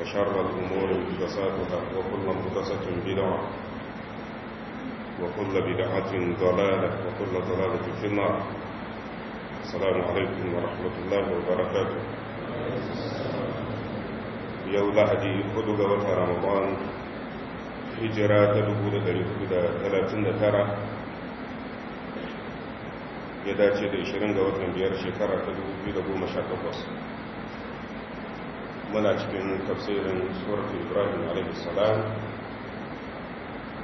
وشر الأمور مهدساتها وكل مهدسة بدعة وكل بدعة ضلالة وكل ضلالة في النار السلام عليكم ورحمة الله وبركاته يوم لحدي خدوغ وطا رمضان هجرة تدهود دريخود ثلاثين ترى ya dace da 20 ga watan biyar shekara مشاكل بس muna cikin tafsirin suratu ibrahim alaihissalam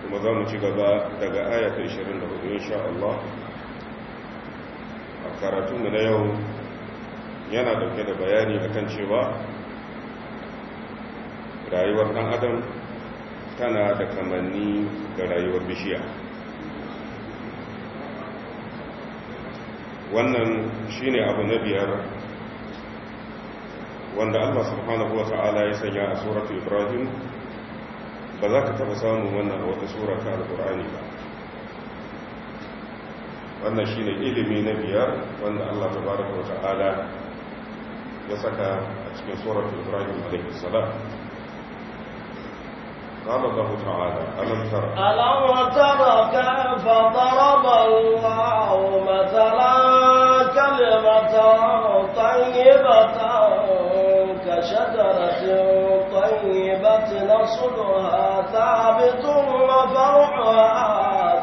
kuma za mu ci gaba daga ayata 24 insha Allah a karatunmu na yau yana dauke da bayani akan cewa rayuwar ɗan adam tana da kamanni ga rayuwar bishiya wannan shine abu na biyar wanda Allah subhanahu wa ta'ala ya sanya a suratu Ibrahim ba za ka taba samun wannan a wata sura ta alkur'ani ba wannan shine ilimi na biyar wanda Allah tabaraka wa ta'ala ya saka a cikin suratu Ibrahim alaihi salam قال الله تعالى ألم ترى ألم ترى كيف ضرب الله مثلا كلمة طيبة كشجرة طيبة نصلها ثابت وفرعها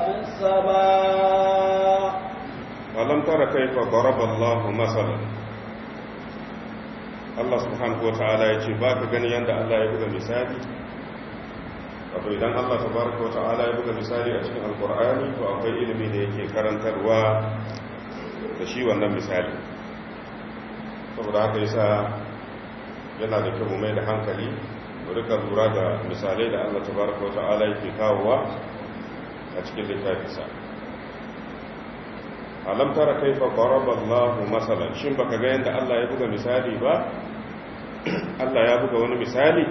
في السماء ألم تر كيف ضرب الله مثلا Allah subhanahu wa ta'ala ya ce ba ka gani yadda Allah ya buga misali wato idan Allah tabaraka wa ta'ala ya buga misali a cikin alkur'ani to akwai ilimi da yake karantarwa da shi wannan misali saboda haka yasa yana da kyau mai da hankali duka lura da misalai da Allah tabaraka wata'ala yake kawowa a cikin littafinsa alam tara kaifa qaraba Allahu masalan shin baka ga yanda Allah ya buga misali ba Allah ya buga wani misali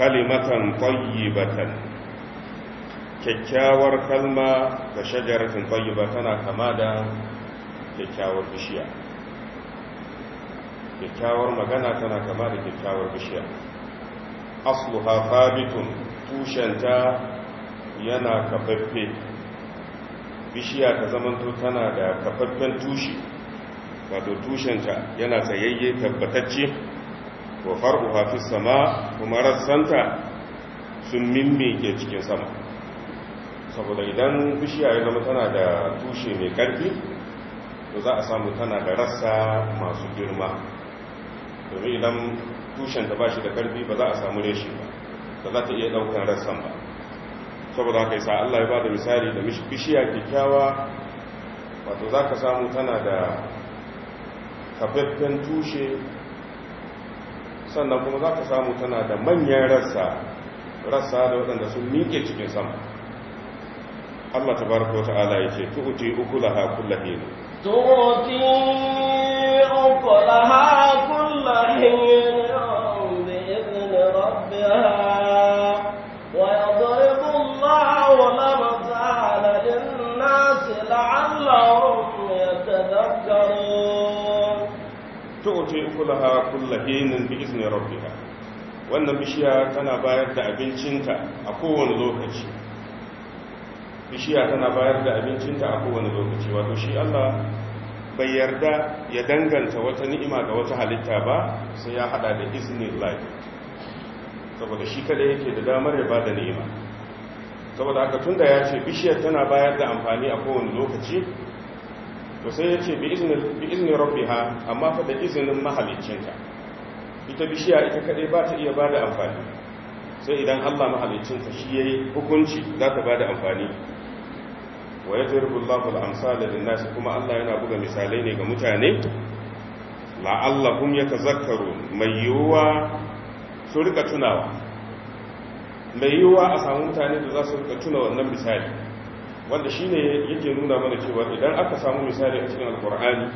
kalimatan tayyibatan kyakkyawar kalma ga shajaratin tayyiba tana kama da kyakkyawar bishiya kyakkyawar magana tana kama da kyakkyawar bishiya asluha thabitun tushenta yana kafaffe bishiya ta zamanto tana da kafaffen tushe wato tushenta yana tsayayye tabbatacce wa faru hafi sama kuma rassanta sun mimmike cikin sama saboda idan bishiya ya zama tana da tushe mai karfi to za a samu tana da rassa masu girma domin idan tushen ta bashi da karfi ba za a samu reshe ba ba za ta iya daukan rassan ba saboda haka yasa Allah ya ba da misali da bishiya kyakkyawa wato za ka samu tana da kafaffen tushe sannan kuma za ka samu tana da manyan rassa rassa da waɗanda sun miƙe cikin sama Allah ta baraka wa ta'ala ya ce tu'ti ukulaha kullahin tu'ti ukulaha kullahin مهين بإذن ربها ويضرب الله الأمثال للناس كل حين بإذن ربها wannan bishiya tana bayar da abincinta a kowane lokaci bishiya tana bayar da abincinta a kowane lokaci wato shi Allah bai yarda ya danganta wata ni'ima ga wata halitta ba sai ya hada da izinin lafi saboda shi kada yake da damar ya ba da ni'ima saboda aka tunda ya ce bishiyar tana bayar da amfani a kowane lokaci to sai ya ce bi rabbi ha amma fa da izinin mahalicinta ita bishiya ita kadai ba ta iya bada amfani sai idan Allah mahalicinta shi ya yi hukunci za ta bada amfani wa yadribu Allahu al da lin-nas kuma Allah yana buga misalai ne ga mutane ta zakaru mai yiwuwa su rika tunawa mai yiwuwa a samu mutane da za su rika tuna wannan misali wanda shi ne yake nuna mana cewa idan aka samu misali a cikin alkur'ani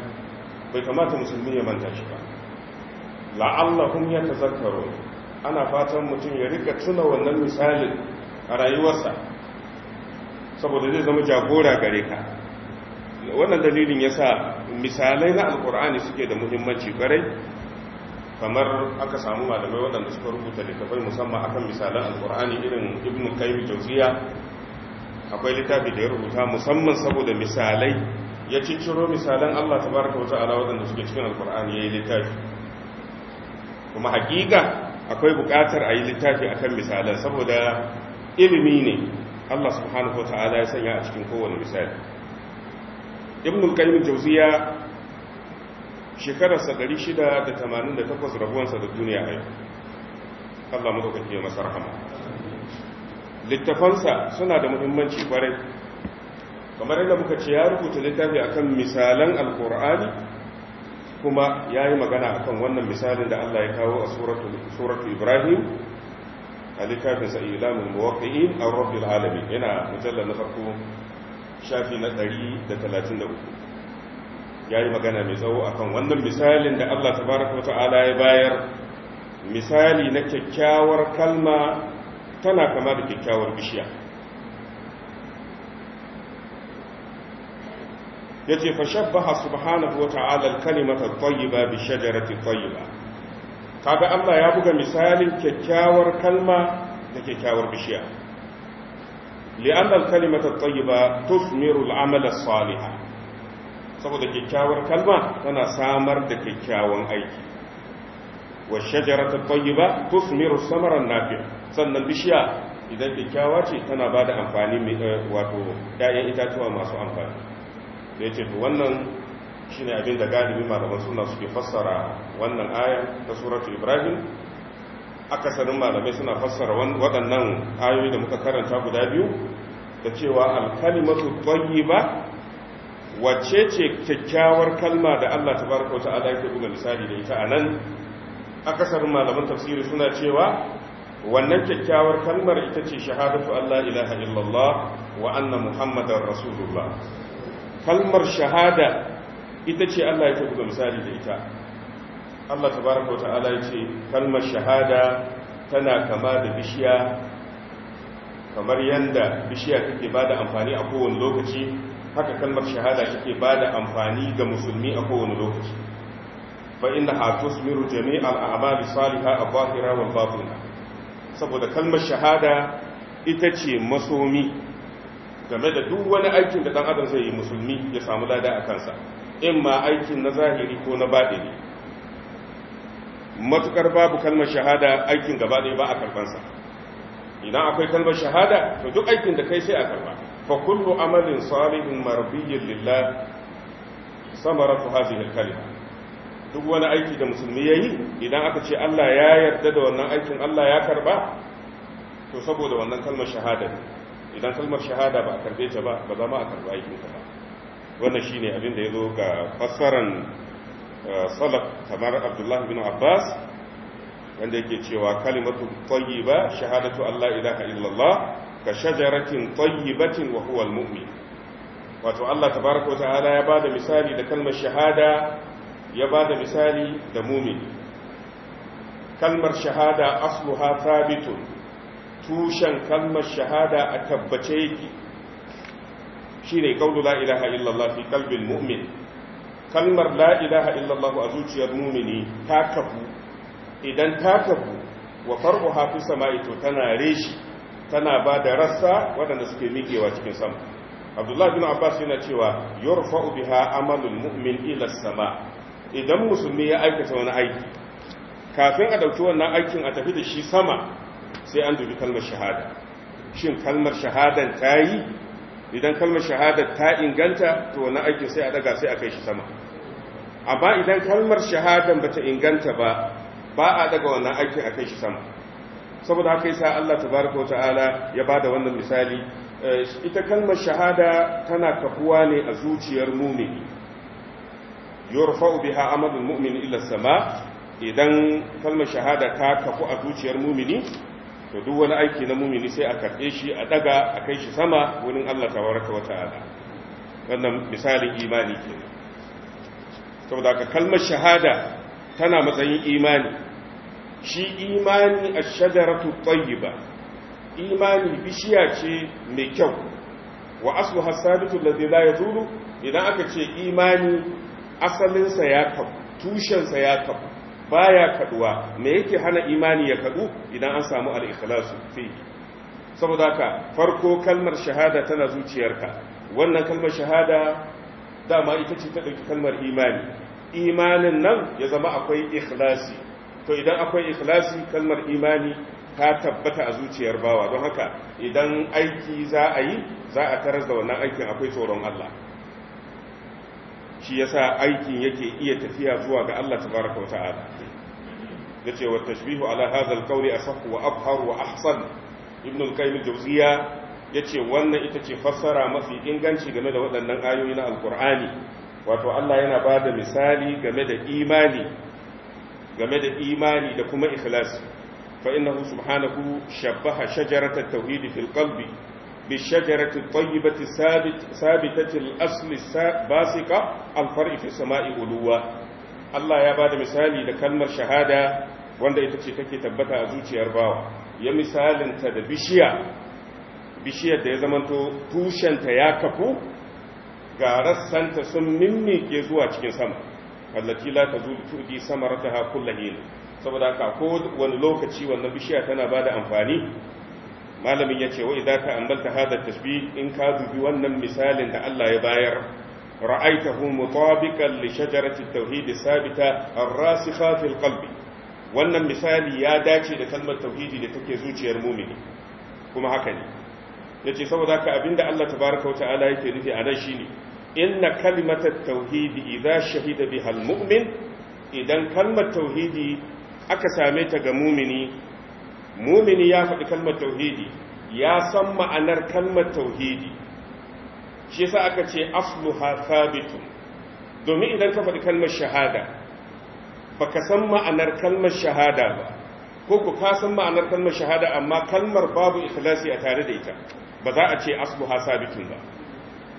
bai kamata musulmi ya manta shi ba la'allahum ya zakaru ana fatan mutum ya rika tuna wannan misalin a rayuwarsa saboda zai zama jagora gare ka wannan dalilin ya sa misalai na alkur'ani suke da muhimmanci gare kamar aka samu malamai waɗanda suka rubuta littafai musamman akan misalan alkur'ani irin ibn kaimi jauziya akwai littafi da ya rubuta musamman saboda misalai ya cinciro misalan allah baraka wata ala waɗanda suke cikin alkur'ani ya yi littafi kuma hakika akwai buƙatar a yi littafi akan misalan saboda ilimi ne Allah subhanahu ta'ala ya sanya a cikin kowane misali ibnul qayyim jawziya shekara 688 rabuwansa da duniya a yau Allah ya masa rahama littafansa suna da muhimmanci kwarai kamar yadda muka ce ya rubuta littafi akan misalan alkur'ani kuma ya yi magana akan wannan misalin da Allah ya kawo a suratu ibrahim a littafin sa ilamin muwaqqi'in a rabbil alami yana mujalla na farko shafi na 133 yi magana mai tsawo akan wannan misalin da Allah tabaaraka ta'ala ya bayar misali na kyakkyawar kalma tana kama da kyakkyawar bishiya ya fa shabbaha subhanahu wa ta'ala al-kalimata at bi shajarati at ba. kaga Allah ya buga misalin kyakkyawar kalma da kyakkyawar bishiya li'annal kalimata tayyiba tusmiru al'amala salihah saboda kyakkyawar kalma tana samar da kyakkyawan aiki wa shajaratu tayyiba tusmiru samaran nafi sannan bishiya idan kyakkyawa ce tana bada amfani eh, wato 'ya'yan itatuwa masu amfani sai ce wannan shine abin da galibi malaman suna suke fassara wannan ayan ta suratu ibrahim akasarin malamai suna fassara waɗannan ayoyi da muka karanta guda biyu da cewa alkalimatu tayyiba wacce ce kyakkyawar kalma da Allah tabaraka ta'ala yake buga misali da ita anan akasarin malaman tafsiri suna cewa wannan kyakkyawar kalmar ita ce shahadatu Allah ilaha illallah wa anna muhammadar rasulullah kalmar shahada ita ce Allah ya buga misali da ita Allah tabaraka wa ta'ala ya ce kalmar shahada tana kama da bishiya kamar yanda bishiya take bada amfani a kowane lokaci haka kalmar shahada take bada amfani ga musulmi a kowane lokaci fa innaha tusmiru jami'al a'mali salihah al-zahira wal batina saboda kalmar shahada ita ce masomi game da duk wani aikin da dan adam zai yi musulmi ya samu lada a kansa in ma aikin na zahiri ko na baɗini matukar babu kalmar shahada aikin gaba ɗaya ba a karɓansa idan akwai kalmar shahada to duk aikin da kai sai a karɓa fa kullu amalin salihin marbiyyin lillah samaratu hadhihi al-kalima duk wani aiki da musulmi ya yi idan aka ce Allah ya yarda da wannan aikin Allah ya karba to saboda wannan kalmar shahada idan kalmar shahada ba a karbe ta ba ba za ma a karba aikin ka ba wannan shine abin da ya zo ga fassaran eh, salaf kamar Abdullahi bin abbas wanda yake cewa kalimatu tayyiba shahadatu allah ilaha illallah ka shajaratin tayyibatin wa huwa almu'min wato allah tabaraka wa ta'ala ya bada misali da kalmar shahada ya bada misali da mumin kalmar shahada asluha thabitun tushen kalmar shahada a tabbace yake shine qawlu la ilaha illallah fi qalbil mu'min kalmar la ilaha illallah a zuciyar mumini ta kafu idan ta kafu wa far'uha fi sama'i to tana reshi tana ba da rassa waɗanda suke miƙewa cikin sama abdullahi bin abbas yana cewa yurfa'u biha amalul mu'min ila sama idan musulmi ya aikata wani aiki kafin a dauki wannan aikin a tafi da shi sama sai an dubi kalmar shahada shin kalmar shahadan ta yi idan kalmar shahada ta inganta to wani aikin sai a daga sai a kai shi sama amma idan kalmar ba ta inganta ba ba a daga wannan aikin a kai shi sama saboda haka yasa Allah tabaraka wa ta'ala ya bada wannan misali eh, ita kalmar shahada tana kafuwa ne a zuciyar mumini yurfa'u biha amalul mu'min ila sama idan kalmar shahada ta kafu a zuciyar mumini to duk wani aiki na mumini sai a karɓe shi a daga a kai shi sama wurin Allah tabaraka wa ta'ala wannan misalin imani ke saboda ka kalmar shahada tana matsayin imani shi imani ash-shajaratu tayyiba imani bishiya ce mai kyau wa asluha sabitu ladhi la yazulu idan aka ce imani asalinsa ya tushen tushensa ya tabu baya kaduwa me yake hana imani ya kadu idan an samu al-ikhlasu fi saboda haka farko kalmar shahada tana zuciyarka wannan kalmar shahada dama ita ce ta dauki kalmar imani imanin nan ya zama akwai ikhlasi to idan akwai ikhlasi kalmar imani ta tabbata a zuciyar bawa don haka idan aiki za a yi za a tarar da wannan aikin akwai tsoron Allah shi yasa aikin yake iya tafiya zuwa ga Allah tabaraka wa ta'ala ce wa tashbihu ala hadha alqawli asah wa abhar wa ahsan ibn al-qayyim al-jawziya yace wannan ita ce fassara mafi inganci game da waɗannan ayoyi na alqur'ani wato Allah yana bada misali game da imani game da imani da kuma ikhlasi fa innahu subhanahu shabbaha shajarata at fil qalbi بالشجرة الطيبة الثابت ثابتة الأصل الباسقة الفرع في السماء علوا الله يا بعد مثالي لكلمة شهادة wanda ita ce take tabbata a zuciyar bawa ya misalinta da bishiya bishiyar da ya zamanto tushenta ya kafu ga rassanta sun mimmike zuwa cikin sama allati la sama tudi samarataha kullahin saboda haka ko wani lokaci wannan bishiya tana bada amfani malamin ya ce wa idan ka ambalta hada tasbi in ka dubi wannan misalin da Allah ya bayar ra'aitahu mutabiqan li shajarati tauhid sabita ar-rasikha fil qalbi wannan misali ya dace da kalmar tauhidi da take zuciyar mumini kuma haka ne yace saboda ka abinda Allah tabaaraka wa ta'ala yake nufi a nan shine inna kalimata tauhidi idza shahida biha al-mu'min idan kalmar tauhidi aka same ta ga mumini mumini ya faɗi kalmar tauhidi ya san ma'anar kalmar tauhidi shi yasa aka ce afluha thabitu domin idan ka faɗi kalmar shahada baka san ma'anar kalmar shahada ba ko ku ka san ma'anar kalmar shahada amma kalmar babu ikhlasi a tare da ita ba za a ce asluha sabitun ba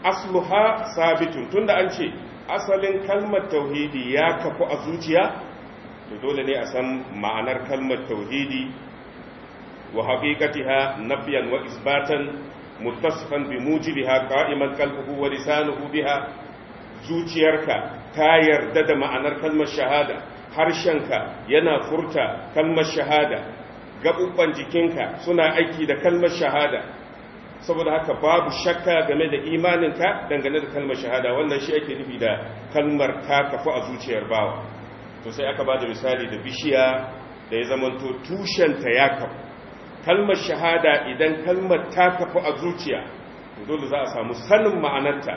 asluha sabitun tunda an ce asalin kalmar tauhidi ya kafu a zuciya to dole ne a san ma'anar kalmar tauhidi wa haqiqatiha nafyan wa isbatan muttasifan bi mujibiha qa'iman qalbuhu wa lisanuhu biha zuciyarka ta yarda da ma'anar kalmar shahada harshenka yana furta kalmar shahada gabubban jikinka suna aiki da kalmar shahada saboda haka babu shakka game da imaninka dangane da kalmar shahada wannan shi ake nufi da kalmar ta kafu a zuciyar bawa to sai aka bada misali da bishiya da ya zamanto tushenta ya kafu kalmar shahada idan kalmar ta kafu a zuciya dole za a samu sanin ma'anarta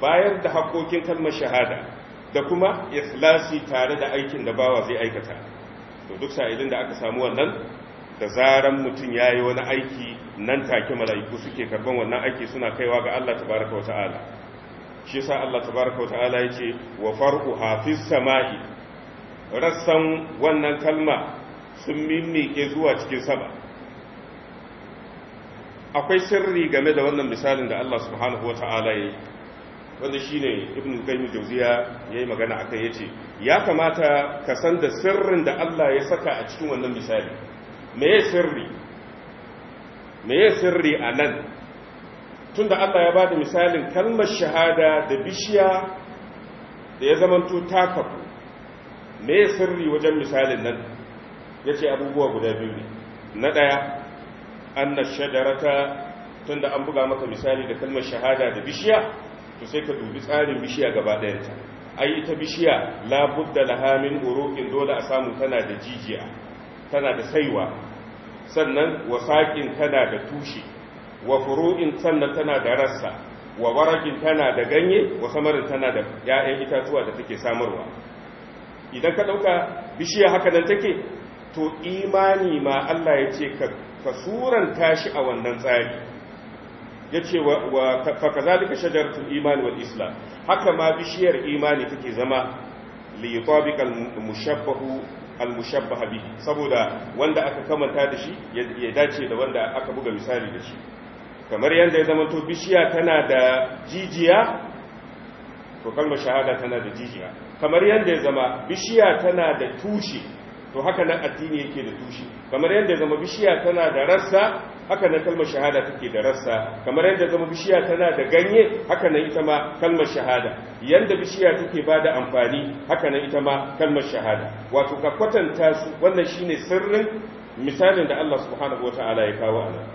bayar da haƙoƙin kalmar shahada da kuma ikhlasi tare da aikin da bawa zai aikata to duk sa'ilin da aka samu wannan da zaran mutum ya yi wani aiki nan take mala'iku suke karban wannan aiki suna kaiwa ga Allah tabaraka wa ta'ala shi sa Allah tabaraka wa ta'ala ya ce wa far'u hafiz sama'i rassan wannan kalma sun mimmike zuwa cikin sama akwai sirri game da wannan misalin da Allah subhanahu wata'ala yi wanda shine ibn qayyim jawziya yayi magana akai yace ya kamata ka san da sirrin da Allah ya saka a cikin wannan misali meye sirri meye sirri anan tunda Allah ya bada misalin kalmar shahada da bishiya da ya zamanto takafu meye sirri wajen misalin nan yace abubuwa guda biyu ne na ɗaya. anna shadarata tunda an buga maka misali da kalmar shahada da bishiya to sai ka dubi tsarin bishiya gaba ɗayanta ai ita bishiya labudda laha min uruqin dole a samu tana da jijiya tana da saiwa sannan wasaqin tana da tushe wa furu'in sannan tana da rassa wa waraƙin tana da ganye wa samarin tana da ya'yan itatuwa da take samarwa idan ka ɗauka bishiya haka nan take to imani ma Allah ya ce ka ka suranta shi a wannan tsari ya ce wa faka zalika shajaratul imani wal islam haka ma bishiyar imani take zama li al mushabbahu al mushabbaha saboda wanda aka kamanta da shi ya dace da wanda aka buga misali da shi kamar yadda ya zama to bishiya tana da jijiya to kalmar shahada tana da jijiya kamar yadda ya zama bishiya tana da tushe to haka nan addini yake da tushe kamar yadda zama bishiya tana da rassa haka nan kalmar shahada take da rassa kamar yadda zama bishiya tana da ganye haka nan ita ma kalmar shahada yadda bishiya take ba da amfani haka nan ita ma kalmar shahada wato ka kwatanta su wannan shine sirrin misalin da Allah subhanahu wataala ya kawo a nan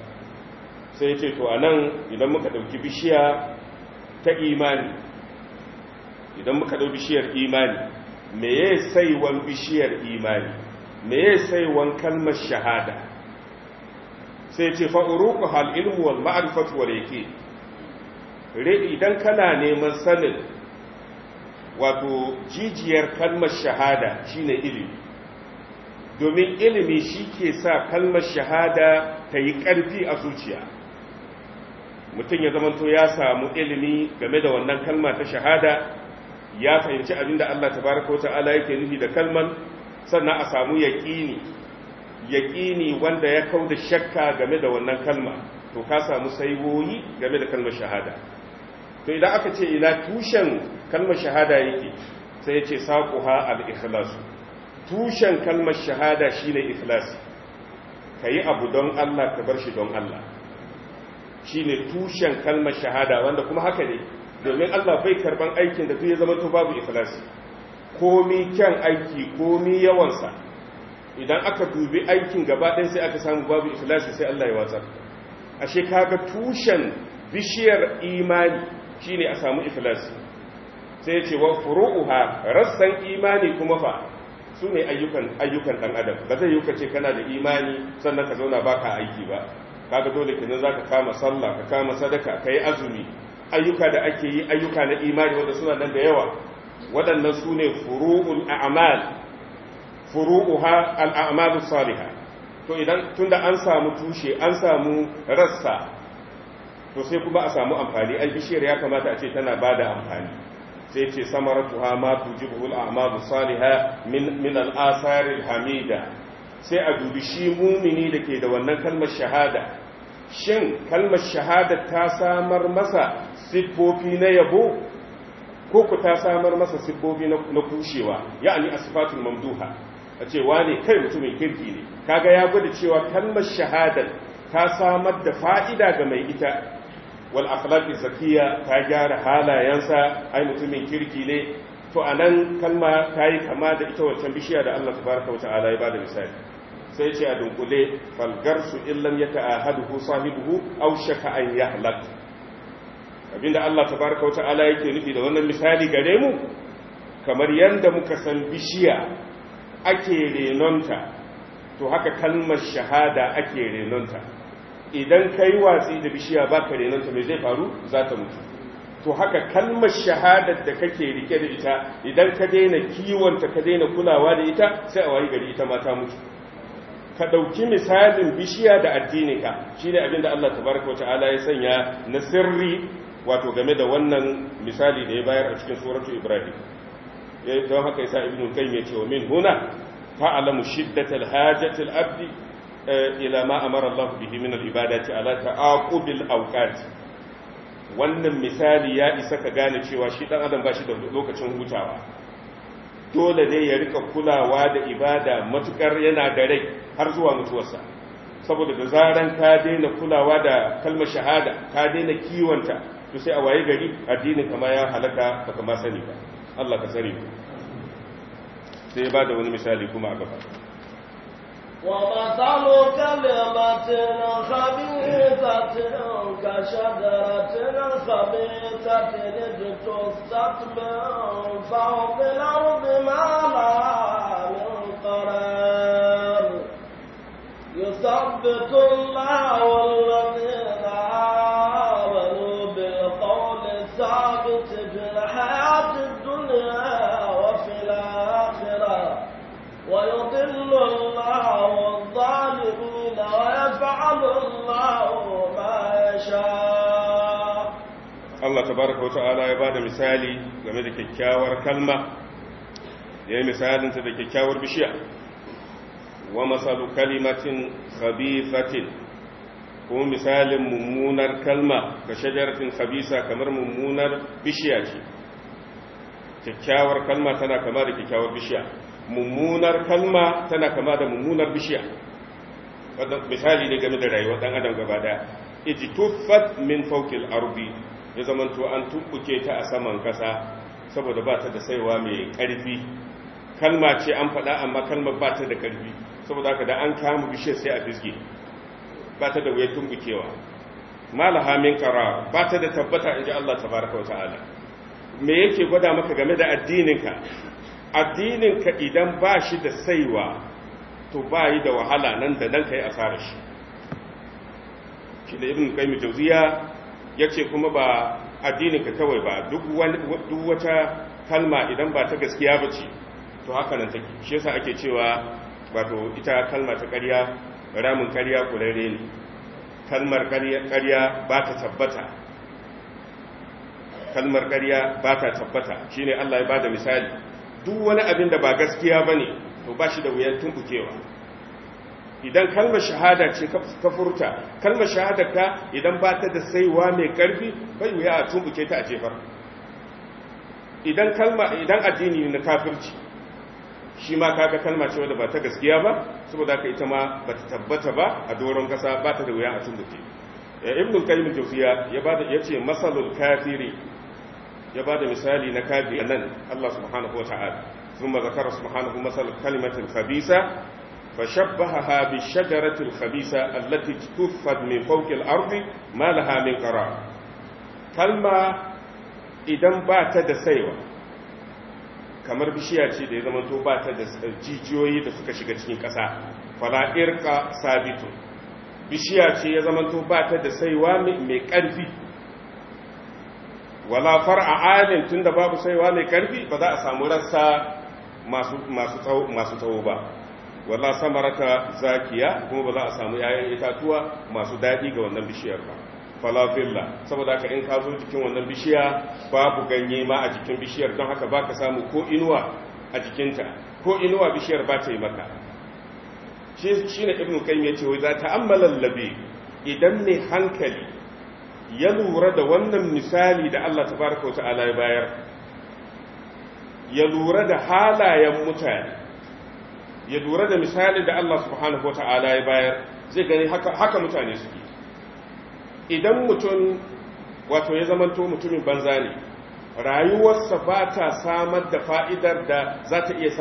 sai ya ce to a nan idan muka ɗauki bishiya ta imani idan muka ɗau bishiyar imani me ya saiwan bishiyar imani me ya sai saiwan kalmar shahada sai ce fa'uruku hal'ilmu wal ma'arifatu wal yake idan kana neman sanin wato jijiyar kalmar shahada shine ilimi domin ilimi shi ke sa kalmar shahada ta yi ƙarfi a zuciya mutum ya zamanto ya samu ilimi game da wannan kalmar ta shahada ya fahimci abinda Allah tabaraka wata'ala yake nufi da kalman sannan a samu yaƙini yaƙini wanda ya kau da shakka game da wannan kalma to ka samu saiwoyi game da kalmar shahada to idan aka ce ina tushen kalmar shahada yake sai ya ce saƙuha al-ikhlasu tushen kalmar shahada shine ikhlasi kayi abu don Allah ka bar shi don Allah ne tushen kalmar shahada wanda kuma haka ne domin Allah bai karban aikin da ya zama to babu ikhlasi komi kyan aiki komi yawansa idan aka dubi aikin gaba sai aka samu babu ikhlasi sai Allah ya watsar ashe kaga tushen bishiyar imani shine a samu ikhlasi sai ya ce wa furu'uha rassan imani kuma fa su ne ayyukan ayyukan dan adam ba zai yuka ce kana da imani sannan ka zauna baka aiki ba kaga dole za ka kama sallah ka kama sadaka kai azumi ayyuka da ake yi ayyuka na imani wanda suna nan da yawa waɗannan su ne furu'ul a'mal furu'uha al'amalu saliha to idan tunda an samu tushe an samu rassa to sai kuma a samu amfani an bishiyar ya kamata a ce tana bada amfani sai ce samaratuha ma tujibu al'amalu saliha min min al'asaril hamida sai a dubi shi mumini da ke da wannan kalmar shahada shin kalmar shahada ta samar masa siffofi na yabo ko ku ta samar masa siffofi na kushewa ya'ani asifatul mamduha a ce wane kai mutumin kirki ne kaga ya gwada cewa kalmar shahadar ta samar da fa'ida ga mai ita wal akhlaqi zakiya ta gyara halayensa ai mutumin kirki ne to anan kalma ta yi kama da ita wancan bishiya da Allah tabaraka wata'ala ya bada misali sai ce a dunkule falgarsu su illam yata'ahaduhu sahibuhu aw shaka an yahlak abinda Allah tabaraka wa ta'ala yake nufi da wannan misali gare mu kamar yanda muka san bishiya ake renonta to haka kalmar shahada ake renonta idan kai watsi da bishiya baka renonta me zai faru za ta mutu to haka kalmar shahadar da kake rike da ita idan ka daina kiwonta ka daina kulawa da ita sai a wayi gari ita ma ta mutu ka ɗauki misalin bishiya da addinika shi ne abinda Allah tabaraka wa ta'ala ya sanya na sirri wato game da wannan misali da ya bayar a cikin suratu ibrahim don haka yasa ibnu Kai ya ce wa min huna fa'alamu shiddatal hajatil abdi eh, ila ma amara Allah bihi min al-ibadati ala ta'aqubil awqat wannan misali ya isa ka gane cewa shi dan adam bashi da lokacin hutawa dole ne ya rika kulawa da ibada matukar yana da rai har zuwa mutuwarsa saboda da zaran ka daina kulawa da kalmar shahada ka daina kiwonta to sai a waye gari addinin kama ya halaka ba kama sani ba Allah ka sani ba sai ba da wani misali kuma a gaba wa ومثل كلمة خبيثة كشجرة خبيثة اجتثت من فوق الأرض ما لها من قرار يثبت الله والذين الله الظالمين ويفعل الله ما يشاء Allah tabaraka wata'ala ya bada misali game da kyakkyawar kalma ya yi misalinta da kyakkyawar bishiya wa masalu kalimatin khabifatin ko misalin mummunar kalma ga shajaratin khabisa kamar mummunar bishiya ce kyakkyawar kalma tana kama da kyakkyawar bishiya mummunar kalma tana kama da mummunar bishiya misali ne game da rayuwar dan adam gaba daya tuffat min fawqil ardi ya to an tukkuke ta a saman kasa saboda ba ta da saiwa mai karfi kalma ce an faɗa amma kalmar ba ta da karfi saboda haka da an kama bishiyar sai a fisge ba ta da wuyar tumbukewa malaha min kara ba ta da tabbata inji Allah tabaraka wa ta'ala me yake gwada maka game da addininka addininka idan ba shi da saiwa to ba yi da wahala nan da nan ka yi asarar shi shi da irin kai mijauziya ya ce kuma ba addininka kawai ba duk wata kalma idan ba ta gaskiya ba ce to haka nan take shi yasa ake cewa wato ita kalma ta ƙarya ramin ƙarya kurare ne kalmar ƙarya ba ta tabbata kalmar ƙarya ba ta tabbata shine Allah ya bada misali duk wani abin da ba gaskiya ba ne to ba shi da wuyan tumbukewa idan kalmar shahada ce ka furta kalmar shahada ka idan ba ta da saiwa mai karfi bai wuya a tumbuke ta a jefar idan kalma idan addini na kafirci shi ma kaga kalma ce wadda ba ta gaskiya ba saboda ka ita ma ba ta tabbata ba a doron kasa ba ta da wuya a tumbuke eh, ibn qayyim jawziya ya ce yace masalul kafiri ya ba da misali na kabi a nan Allah subhanahu wa ta'ala sun mazakar subhanahu masal kalimatin khabisa fa shabbaha bi shajaratil khabisa allati tuffad min fawqil ardi ma laha min kalma idan ba ta da saiwa kamar bishiya ce da ya zama to ba ta da jijiyoyi da suka shiga cikin ƙasa fala irqa sabitu bishiya ce ya zama to ba ta da saiwa mai ƙarfi wala far'a adin tunda babu saiwa mai karfi ba za a samu rassa masu tsawo ba wala samarata zakiya kuma ba za a samu yayan itatuwa masu daɗi ga wannan bishiyar ba falafilla saboda ka in ka zo jikin wannan bishiya babu ganye ma a jikin bishiyar don haka baka samu ko inuwa a jikinta ko inuwa bishiyar ba ta yi maka shi ne ibn yace wai za ta ammala labi idan ne hankali ya lura da wannan misali da Allah tabaraka wa ta'ala ya bayar ya lura da halayen mutane ya lura da misali da Allah subhanahu wa ta'ala ya bayar zai gani haka mutane suke idan mutum wato ya zamanto mutumin banza ne rayuwarsa ba ta samar da fa'idar da za ta iya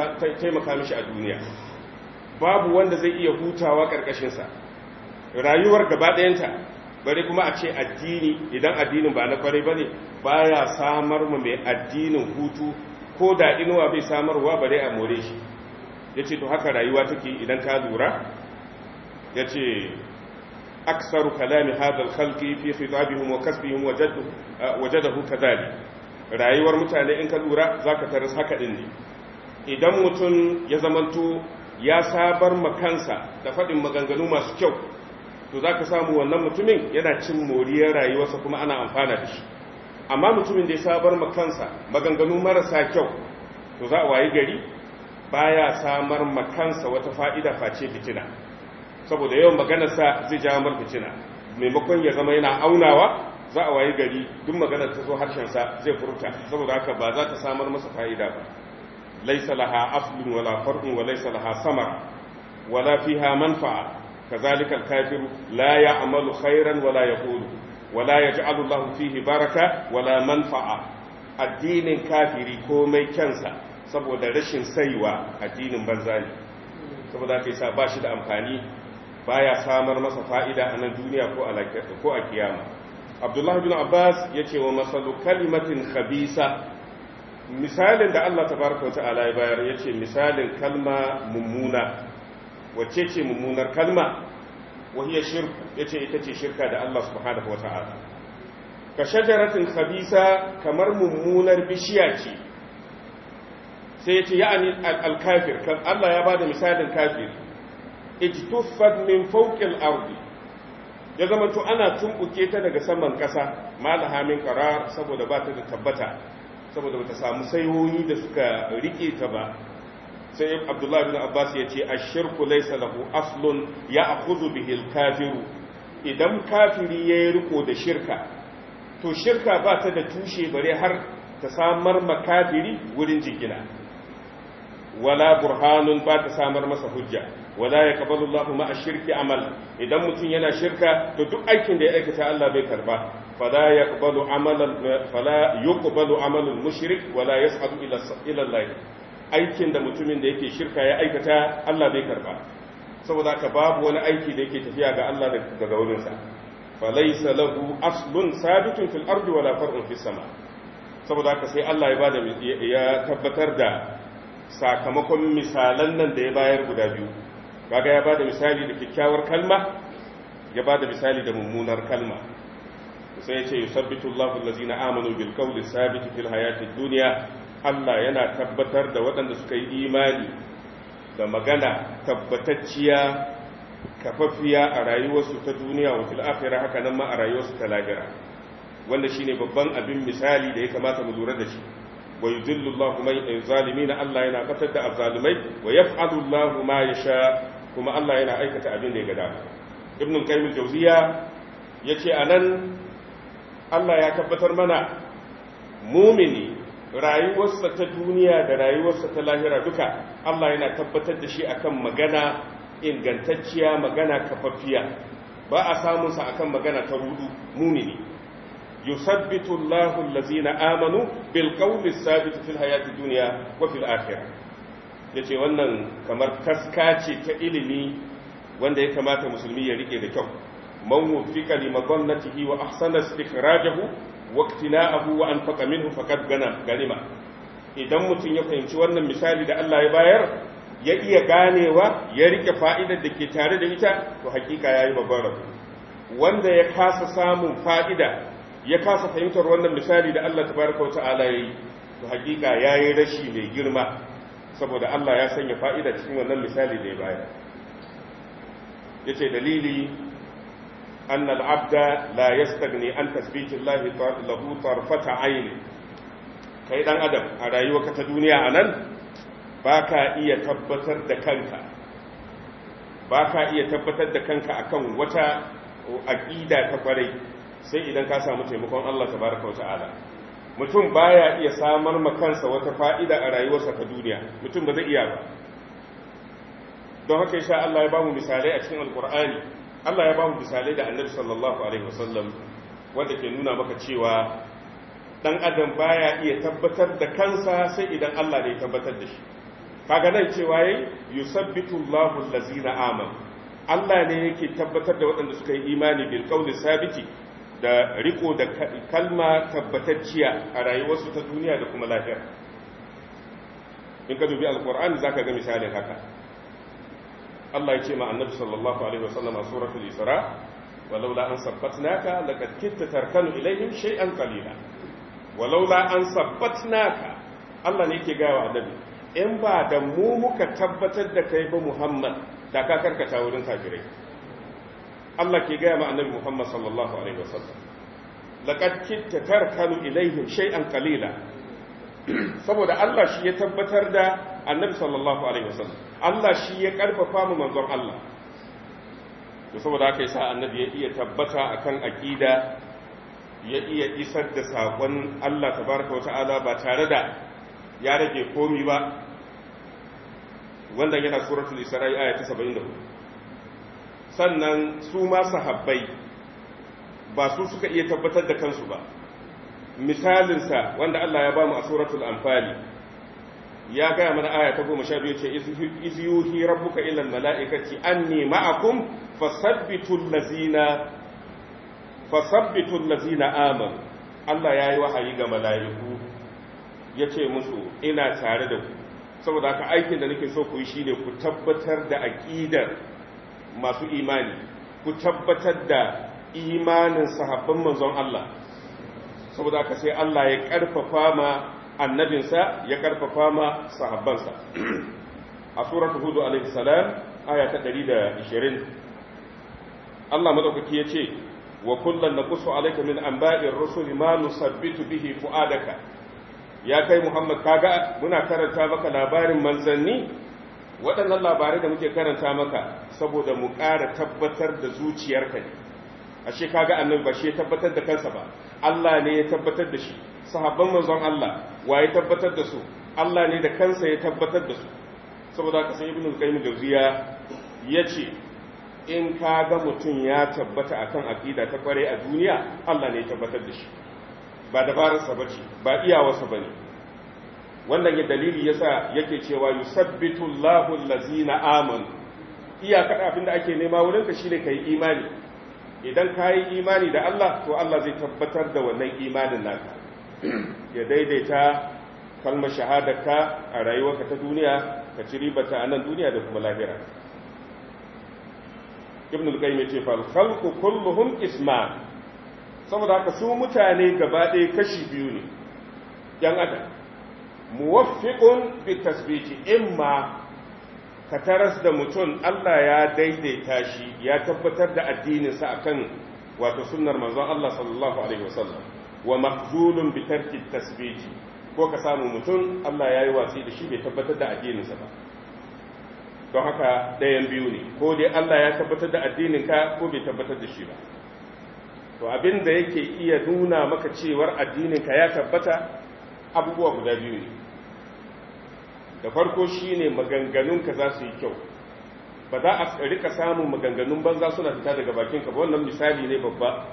taimaka mishi a duniya babu wanda zai iya hutawa ƙarƙashinsa rayuwar gaba ɗayanta bari kuma a ce addini idan addinin ba na kwarai ba ne ba ya samar mu mai addinin hutu ko da inuwa bai samarwa bare a more shi ya ce to haka rayuwa take idan ka lura ya ce aksaru kalami hadal khalqi fi khitabihim wa kasbihim wajadahu kadhalik rayuwar mutane in ka lura zaka taras haka din ne idan mutum ya zamanto ya sabar makansa da faɗin maganganu masu kyau to za ka samu wannan mutumin yana cin moriyar rayuwarsa kuma ana amfana da shi amma mutumin da ya sabar makansa maganganu marasa kyau to za a wayi gari baya samar makansa wata fa'ida face fitina saboda yawan maganarsa zai ja mar fitina maimakon ya zama yana aunawa za a wayi gari duk maganar ta zo harshen sa zai furta saboda haka ba za ta samar masa fa'ida ba laisa laha aflun wala far'un wa laisa laha samar wala fiha manfa'a كذلك الكافر لا يعمل خيرا ولا يقول ولا يجعل الله فيه بركة ولا منفعة Addinin kafiri komai كنسا saboda rashin saiwa addinin banza ne saboda haka yasa ba shi da amfani baya samar masa fa'ida a nan duniya ko a kiyama abdullah bin abbas ya ce wa masalu kalimatin kabisa misalin da allah Ta wa ta'ala ya bayar misalin kalma mummuna wacce ce mummunar kalma wahiyar shirku ya ce ita ce shirka da Allah subhanahu wata'ala ka shajaratin khabisa kamar mummunar bishiya ce sai ya ce ya'ani alkafir kan Allah ya bada misalin kafir ijtuffat min fawqil ardi ya zama to ana tumbuke ta daga saman kasa malaha min qarar saboda ba ta da tabbata saboda bata samu sayoyi da suka rike ta ba sai abdullahi bin abbas ya ce ashirku laysa lahu aslun ya'khudhu bihi al-kafiru idan kafiri yayi riko da shirka to shirka ba ta da tushe bare har ta samar ma kafiri wurin jigina. wala burhanun ba ta samar masa hujja wala yaqbalu Allahu ma a shirki amal idan mutum yana shirka to duk aikin da ya aikata Allah bai karba fala yaqbalu amalan fala yuqbalu amalul mushrik wala yas'adu ila ila Allah aikin da mutumin da yake shirka ya aikata Allah bai karba saboda ka babu wani aiki da yake tafiya ga Allah daga wurinsa falaysa lahu aslun sabitun fil ardi wala far'un fis sama saboda ka sai Allah ya bada ya tabbatar da sakamakon misalan nan da ya bayar guda biyu kaga ya bada misali da kyakkyawar kalma ya bada misali da mummunar kalma sai ya ce yusabbitu Allahu allazina amanu bil qawli sabit fil hayati dunya Allah yana tabbatar da waɗanda suka yi imani da magana tabbatacciya kafafiya a rayuwarsu ta duniya wa fil'afira haka nan ma a rayuwarsu ta lahira wanda shine babban abin misali da ya kamata mu lura da shi wa yudillu Allahu zalimi zalimina Allah yana batar da azzalumai wa yaf'alu Allahu ma sha kuma Allah yana aikata abin da ya ga dama ibn al jauziya al-jawziya yace anan Allah ya tabbatar mana mumini rayuwarsa ta duniya da rayuwarsa ta lahira duka Allah yana tabbatar da shi akan magana ingantacciya magana kafaffiya ba a samunsa akan magana ta rudu mumini yusabbitu Allahu allazina amanu bil qawli sabit fil hayati dunya wa fil akhirah yace wannan kamar kaska ce ta ilimi wanda ya kamata musulmi ya rike da kyau man wufiqa li madannatihi wa ahsana istikhrajahu waqtina'ahu wa anfaqa minhu faqad gana ganima idan mutum ya fahimci wannan misali da Allah ya bayar ya iya ganewa ya rike fa'idar da ke tare da ita to hakika yayi babbar rabu wanda ya kasa samun fa'ida ya kasa fahimtar wannan misali da Allah tabaraka wa ta'ala yayi to hakika yayi rashi mai girma saboda Allah ya sanya fa'ida cikin wannan misali da ya bayar yace dalili أن العبد لا يستغني عن تثبيت الله له طرفة عين kai dan adam a rayuwarka ta duniya a nan iya tabbatar da kanka ba iya tabbatar da kanka akan wata aƙida ta sai idan ka samu taimakon Allah tabaraka wa ta'ala mutum baya iya samar ma kansa wata fa'ida a rayuwarsa ta duniya mutum ba zai iya ba don haka insha Allah ya bamu misalai a cikin alkur'ani Allah ya ba mu misalai da annabi sallallahu alaihi wasallam wanda ke nuna maka cewa dan adam baya iya tabbatar da kansa sai idan Allah ne ya tabbatar da shi kaga nan cewa yayi yusabbitu Allahu allazina amanu Allah ne yake tabbatar da waɗanda suka yi imani bil qawli sabiti da riko da kalma tabbatacciya a rayuwarsu ta duniya da kuma lafiya in ka dubi alqur'ani zaka ga misalin haka Allah ya ce ma annabi sallallahu alaihi wasallam a suratul isra walaula an sabbatnaka laqad kitta tarkanu ilayhim shay'an qalila walaula an sabbatnaka Allah ne yake wa annabi in ba da mu muka tabbatar da kai ba Muhammad da ka karkata wurin kafirai Allah ke gaya ma annabi Muhammad sallallahu alaihi wasallam laqad kitta tarkanu ilayhim shay'an qalila saboda Allah shi ya tabbatar da annabi sallallahu alaihi wasallam Allah shi ya ƙarfafa mu manzon Allah da saboda haka yasa annabi ya iya tabbata akan aqida ya iya isar da sakon Allah tabaraka wa ba tare da ya rage komi ba wanda yana suratul isra'i aya ta 74 sannan su ma sahabbai ba su suka iya tabbatar da kansu ba misalinsa wanda Allah ya bamu a suratul anfali ya gaya mana aya ta goma sha biyu ce iziyuhi rabbuka ilal mala'ikati anni ma'akum fasabbitul lazina fasabbitul lazina amanu Allah ya yi wahayi ga mala'iku ya ce musu ina tare da ku saboda haka aikin da nake so ku yi shine ku tabbatar da aqidar masu imani ku tabbatar da imanin sahabban manzon Allah saboda haka sai Allah ya ƙarfafa ma annabinsa ya karfafa ma sahabbansa a suratu hudu alaihi salam aya ta 120 Allah madaukaki ya ce wa kullun naqsu alayka min anba'ir rusul ma nusabbitu bihi fu'adaka ya kai Muhammad kaga muna karanta maka labarin manzanni waɗannan labarai da muke karanta maka saboda mu ƙara tabbatar da zuciyarka ne ashe kaga annabi ba shi ya tabbatar da kansa ba Allah ne ya tabbatar da shi sahabban manzon Allah Wa ya tabbatar da su Allah ne da kansa ya tabbatar da su saboda ka san ibn al-qayyim jawziya yace in ka ga mutum ya tabbata akan aqida ta kware a duniya Allah ne ya tabbatar da shi ba sa bace ba sa bane wannan ya dalili yasa yake cewa yusabbitu Allahu allazina amanu iyakar abin da ake nema wurin ka shine kai imani idan ka yi imani da Allah to Allah zai tabbatar da wannan imanin naka ya daidaita kalmar shahadarka a rayuwarka ta duniya ka ci ribata a nan duniya da kuma lahira ibn al-qayyim yace fal khalqu kulluhum isma saboda haka su mutane gaba ɗaya kashi biyu ne yan adam muwaffiqun bi tasbiti imma ka taras da mutum Allah ya daidaita shi ya tabbatar da addininsa akan wato sunnar manzon Allah sallallahu alaihi wasallam wa mahzulun bi tarki ko ka samu mutum Allah ya yi watsi da shi bai tabbatar da addininsa ba don haka ɗayan biyu ne ko dai Allah ya tabbatar da addininka ko bai tabbatar da shi ba to abin da yake iya nuna maka cewar addininka ya tabbata abubuwa guda biyu ne da farko shine maganganunka za su yi kyau ba za a rika samun maganganun banza suna fita daga bakinka ba wannan misali ne babba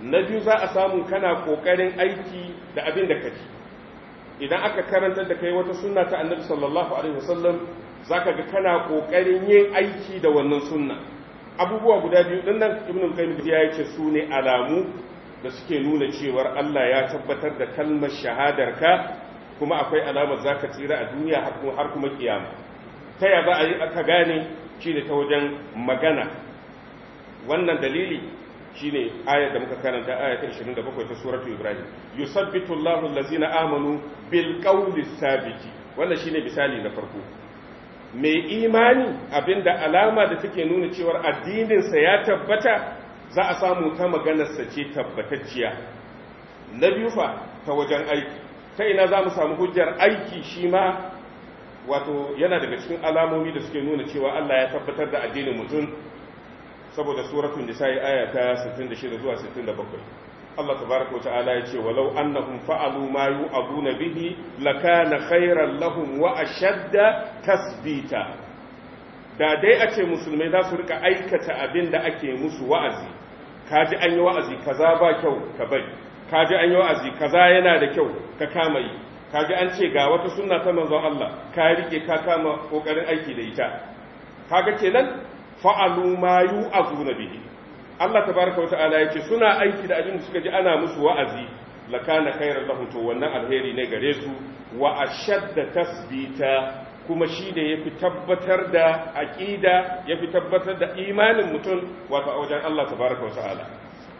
na biyu za a samu kana ƙoƙarin aiki da abin da kaji idan aka karantar da kai wata sunna ta annabi sallallahu alaihi wasallam za ka ga kana ƙoƙarin yin aiki da wannan sunna abubuwa guda biyu ɗin nan ibn qayyim ya ce su ne alamu da suke nuna cewar Allah ya tabbatar da kalmar ka kuma akwai alamar za ka tsira a duniya har kuma kiyama ta ya za a yi aka gane shi da ta wajen magana wannan dalili shine ayar da muka karanta ayar 27 ta suratul ibrahim yusabbitu Allahu allazina amanu bil qawli sabiti wannan shine misali na farko mai imani abinda alama da take nuna cewar addininsa ya tabbata za a samu ta maganarsa ce tabbatacciya na biyu fa ta wajen aiki ta ina za mu samu hujjar aiki shi ma wato yana daga cikin alamomi da suke nuna cewa Allah ya tabbatar da addinin mutum saboda suratun nisa'i aya ta 66 zuwa 67 Allah tabaraka wa ta'ala ya ce walau annahum fa'alu ma yu'aduna bihi lakana khairan lahum wa ashadda tasbita da dai a ce musulmai za su rika aikata abin da ake musu wa'azi kaji an yi wa'azi kaza ba kyau ka bari kaji an yi wa'azi kaza yana da kyau ka kama yi kaji an ce ga wata sunna ta manzon Allah ka rike ka kama kokarin aiki da ita kaga kenan fa'alu ma yu'azuna bihi Allah baraka wa ta'ala ce suna aiki da abin da suka ji ana musu wa'azi lakana khairan lahum to wannan alheri ne gare su wa tasbita kuma shi ne fi tabbatar da ya yafi tabbatar da imanin mutum wato a wajen Allah baraka wa ta'ala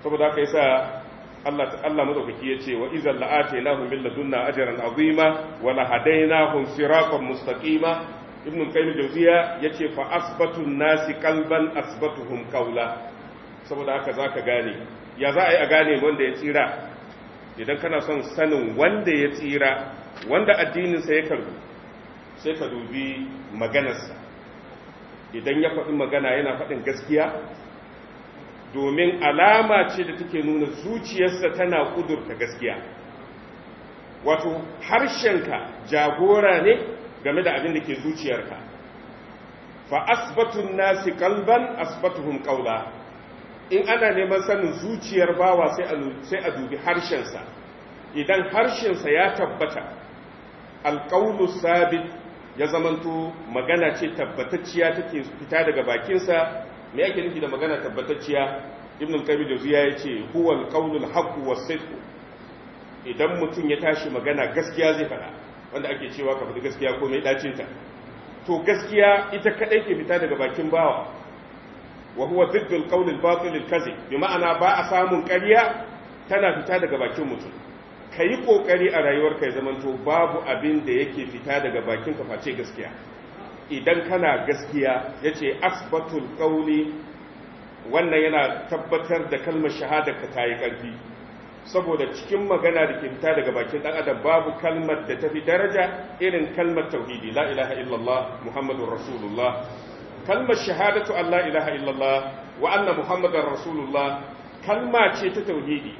saboda haka yasa Allah Allah ya ce wa idzal la'atainahum min ladunna ajran azima wa lahadainahum siratan mustaqima ibn qayyim jawziya yace fa asbatu nasi kalban asbatuhum qawla saboda haka zaka gane ya za a yi a gane wanda ya tsira idan kana son sanin wanda ya tsira wanda addininsa ya karbu sai ka dubi maganarsa idan ya faɗi magana yana faɗin gaskiya domin alama ce da take nuna zuciyarsa tana ƙudurta gaskiya wato harshenka jagora ne game da abin da ke zuciyarka fa asbatun nasi kalban asbatuhum qawla in ana neman sanin zuciyar bawa sai a sai a dubi harshensa idan harshensa ya tabbata alqawlu sabit ya zamanto magana ce tabbatacciya take fita daga bakinsa me yake nufi da magana tabbatacciya ibn al da jawziya yace huwa al-qawlu al idan mutum ya tashi magana gaskiya zai faɗa wanda ake cewa ka fita gaskiya ko mai dacinta to gaskiya ita kadai ke fita daga bakin bawa wa huwa ziddul qawl al batil al kadhib bi ma'ana ba a samun ƙarya tana fita daga bakin mutum kayi kokari a rayuwar ya zamanto babu abin da yake fita daga bakin ka face gaskiya idan kana gaskiya yace asbatul qawli wannan yana tabbatar da kalmar shahada ka tayi ƙarfi saboda cikin magana da kinta daga bakin dan adam babu kalmar da tafi daraja irin kalmar tauhidi la ilaha illallah muhammadur rasulullah kalmar shahadatu alla ilaha illallah wa anna muhammadar rasulullah kalma ce ta tauhidi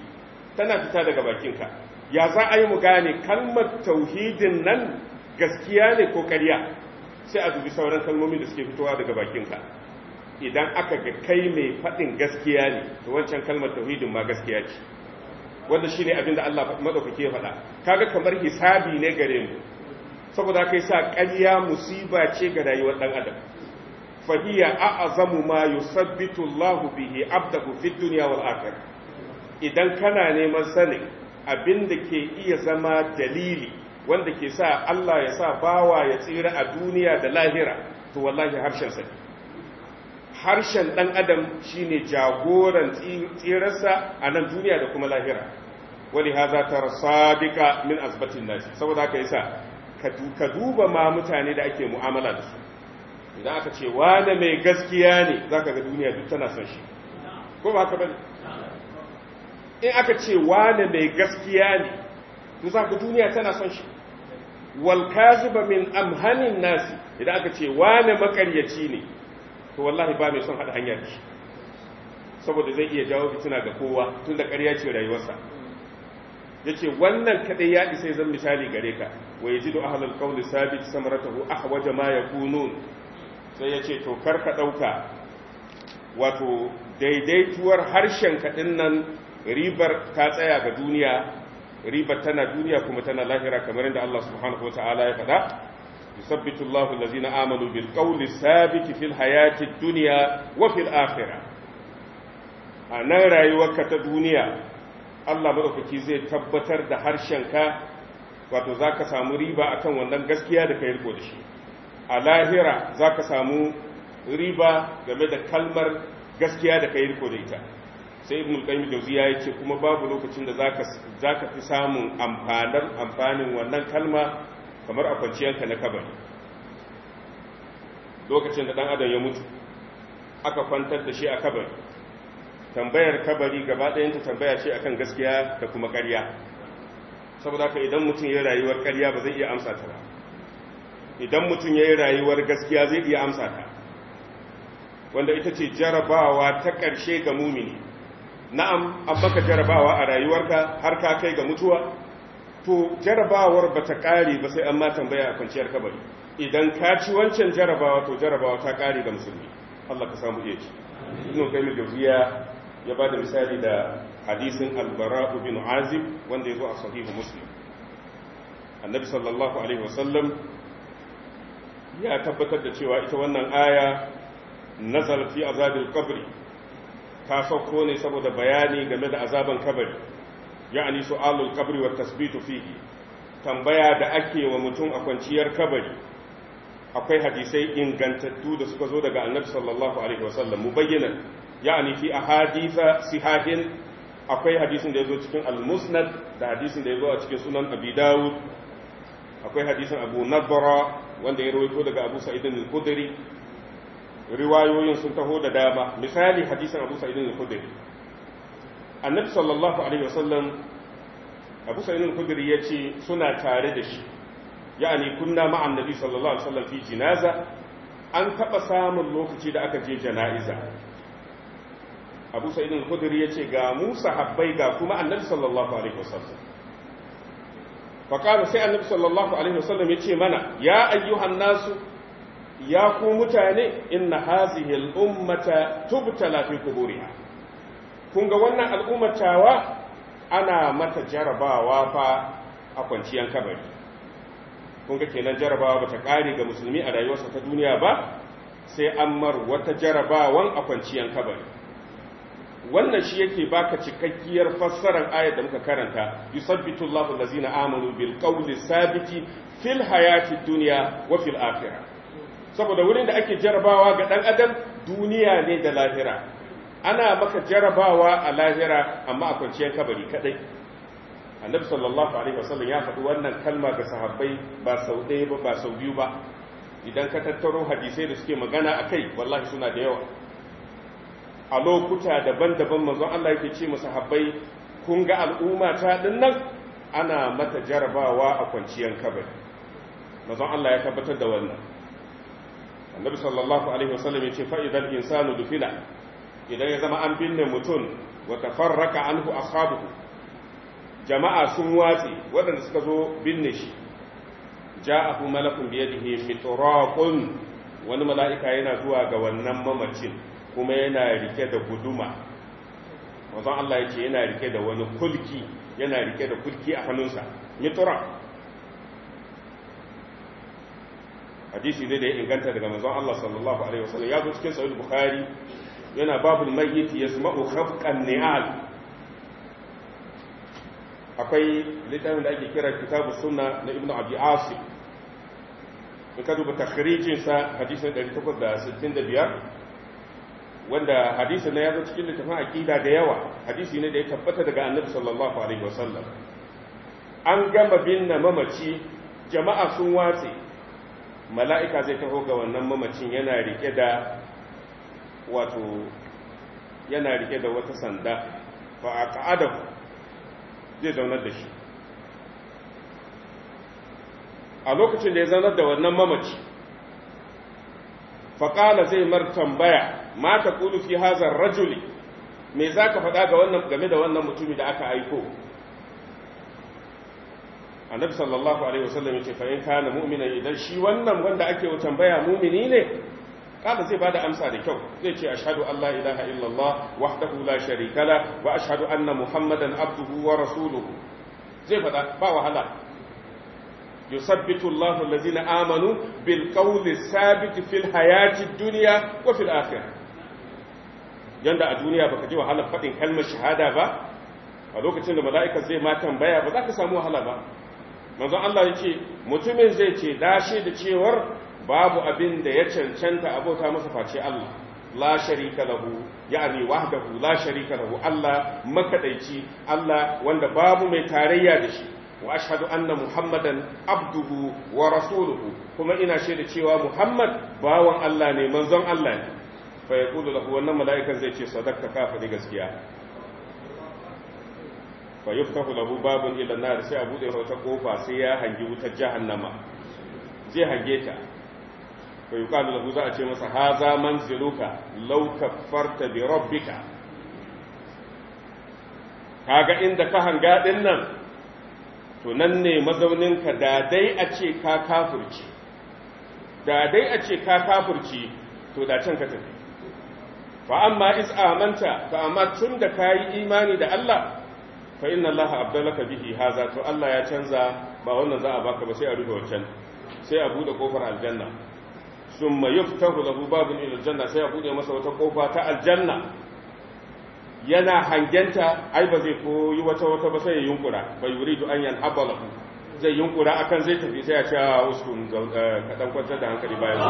tana fita daga bakinka ya za a yi mu gane kalmar tauhidin nan gaskiya ne ko karya sai a dubi sauran kalmomin da suke fitowa daga bakinka idan aka ga kai mai faɗin gaskiya ne to wancan kalmar tauhidin ma gaskiya ce wanda shine abin da Allah madaukake ya faɗa kaga kamar hisabi ne gare mu saboda kai sa ƙarya musiba ce ga rayuwar dan adam hiya a'azamu ma yusabbitu Allah bihi abdahu fi dunya wal idan kana neman sanin abin da ke iya zama dalili wanda ke sa Allah ya sa bawa ya tsira a duniya da lahira to wallahi harshen sa ne harshen ɗan adam shi ne jagoran tsirarsa a nan duniya da kuma lahira wani haza tara sadika min asibitin nasi saboda haka yasa ka duba ma mutane da ake mu'amala da su idan aka ce wane mai gaskiya ne Za ka ga duniya duk tana son shi ko ba haka bane in aka ce wane mai gaskiya ne to ka duniya tana son shi wal kaziba min amhanin nasi idan aka ce wane makaryaci ne to wallahi ba mai son haɗa hanya da shi saboda zai iya jawo fitina ga kowa tun da ƙarya ce rayuwarsa ya ce wannan kaɗai ya isa zan misali gare ka wa ya ji da ahalar sabit samaratahu aka waje ma ya kunun sai ya ce to karka ɗauka wato daidaituwar harshen kaɗin nan ribar ta tsaya ga duniya ribar tana duniya kuma tana lahira kamar yadda Allah subhanahu wa ta'ala ya faɗa yusabbitu Allahu allazina amanu bil qawli sabiti fil hayati dunya wa fil a nan rayuwarka ta duniya Allah madaukaki zai tabbatar da harshenka wato zaka samu riba akan wannan gaskiya da kai da shi a lahira zaka samu riba game da kalmar gaskiya da kai da ita sai ibn al-qayyim jawziya yace kuma babu lokacin da zaka zaka fi samun amfanin wannan kalma kamar a kwanciyanka na kabari lokacin da ɗan adam ya mutu aka kwantar da shi a kabari tambayar kabari gaba ta tambaya ce akan gaskiya da kuma ƙarya saboda ka idan mutum ya rayuwar ƙarya ba zai iya amsa ta ba idan mutum ya yi rayuwar gaskiya zai iya amsa ta wanda ita ce jarabawa ta ƙarshe ga mumini na'am an baka jarabawa a rayuwarka har ka kai ga mutuwa to jarabawar ba ta ba sai an tambaya a kwanciyar kabari idan ka ci wancan jarabawa to jarabawa ta ƙari ga musulmi Allah ka samu iya ci ibn qayyim jawziya ya ba da misali da hadisin Albara ubin azib wanda yazo a sahihu muslim annabi sallallahu alaihi wasallam ya tabbatar da cewa ita wannan aya nazal azabil kabri ta sauko ne saboda bayani game da azaban kabari ya'ani su'alul qabri wa tasbitu fihi tambaya da ake wa mutum a kwanciyar kabari akwai hadisai ingantattu da suka zo daga annabi sallallahu alaihi wasallam mubayyana ya'ani fi ahaditha sihahin akwai hadisin da yazo cikin al-musnad da hadisin da yazo a cikin sunan abi dawud akwai hadisin abu nadbara wanda ya rawaito daga abu sa'id al-khudri riwayoyin sun taho da dama misali hadisin abu sa'id al-khudri annabi sallallahu alaihi wasallam abu sa'id al ya ce suna tare da shi ya'ani kunna ma'an nabi sallallahu alaihi wasallam fi jinaza an taba samun lokaci da aka je jana'iza abu sa'id al ya ce ga mu sahabbai ga kuma annabi sallallahu alaihi wasallam faƙaru sai annabi sallallahu alaihi wasallam ya ce mana ya ayyuhan nasu ya ku mutane inna hazihi al-ummata tubtala fi quburiha kun ga wannan al'ummatawa ana mata jarabawa fa a kwanciyar kabari kun ga kenan jarabawa ba ta ƙare ga musulmi a rayuwarsa ta duniya ba sai an mar wata jarabawan a kwanciyar kabari wannan shi yake baka cikakkiyar fassarar ayar da muka karanta Yusuf Allahu allazina amanu bil qawli sabiti fil hayati dunya wa fil akhirah saboda wurin da ake jarabawa ga ɗan adam duniya ne da lahira ana maka jarabawa a lahira amma a kwanciyar kabari kadai annabi sallallahu alaihi wasallam ya faɗi wannan kalma ga sahabbai ba sau ɗaya ba ba sau biyu ba idan ka tattaro hadisai da suke magana a kai wallahi suna da yawa a lokuta daban-daban mazo Allah yake ce mu sahabbai kun ga al'umma ta dinnan ana mata jarabawa a kwanciyar kabari manzon Allah ya tabbatar da wannan annabi sallallahu alaihi wasallam ya ce fa idan insanu dufila idan ya zama an binne mutum wata wa tafarraka anhu ashabuhu jama'a sun watsi waɗanda suka zo binne shi ja'ahu malakun biyadihi fitraqun wani mala'ika yana zuwa ga wannan mamacin kuma yana rike da guduma wanzan Allah ya ce yana rike da wani kulki yana rike da kulki a hannunsa mitura hadisi dai da ya inganta daga manzon Allah sallallahu alaihi wasallam ya zo cikin sahih bukhari yana babul ya yasma'u khafqan ni'al akwai littafin da ake kira kitabu sunna na ibnu abi asim in ka duba takhrijin sa hadisin 865 wanda hadisin na ya zo cikin littafin aqida da yawa hadisi ne da ya tabbata daga annabi sallallahu alaihi wasallam an gama na mamaci jama'a sun wace mala'ika zai taho ga wannan mamacin yana rike da wato yana rike da wata sanda ba a ka'adar zai zaunar da shi a lokacin da ya zaunar da wannan mamaci faƙala zai mar tambaya mata kulu fi hazar rajuli me za ka faɗa game da wannan mutumi da aka aiko annabi sallallahu alaihi wasallam yace fa in kana mu'mina idan shi wannan wanda ake tambaya mu'mini ne kala zai bada amsa da kyau zai ce ashhadu an la ilaha illallah wahdahu la sharika la wa ashhadu anna muhammadan abduhu wa rasuluhu zai fada ba wahala yusabbitu Allahu allazina amanu bil qawli sabiti fil hayati dunya wa yanda a duniya baka ji wahalar fadin kalmar shahada ba a lokacin da mala'ika zai ma tambaya ba za ka samu wahala ba manzon Allah ya ce mutumin zai ce dashe da cewar babu abin da ya cancanta abota masa face Allah la sharika lahu ya'ni wahdahu la sharika lahu Allah makadaici Allah wanda babu mai tarayya da shi wa ashhadu anna muhammadan abduhu wa rasuluhu kuma ina shaida cewa muhammad bawan Allah ne manzon Allah ne fa yaqulu lahu wannan mala'ikan zai ce sadaqta ka faɗi gaskiya fa yuftahu lahu babun ila nar sai abu da wata kofa sai ya hangi wutar jahannama zai hange ta fa yuqalu lahu za a ce masa haza manziluka law kaffarta bi rabbika kaga inda ka hanga din nan to nan ne mazauninka da dai a ce ka kafirci da dai a ce ka kafirci to da can ka tafi fa amma is amanta fa amma tun da ka yi imani da Allah fa inna Allah abdalaka bihi haza to Allah ya canza ba wannan za a baka ba sai a rufe wancan sai a bude kofar aljanna summa yuftahu lahu babun ila janna sai a bude masa wata kofa ta aljanna yana hangenta ai ba zai koyi wata wata ba sai ya yunkura bai yuridu an yan lahu zai yunkura akan zai tafi sai ya ci ah, uskun eh, kadan kwantar da hankali bayan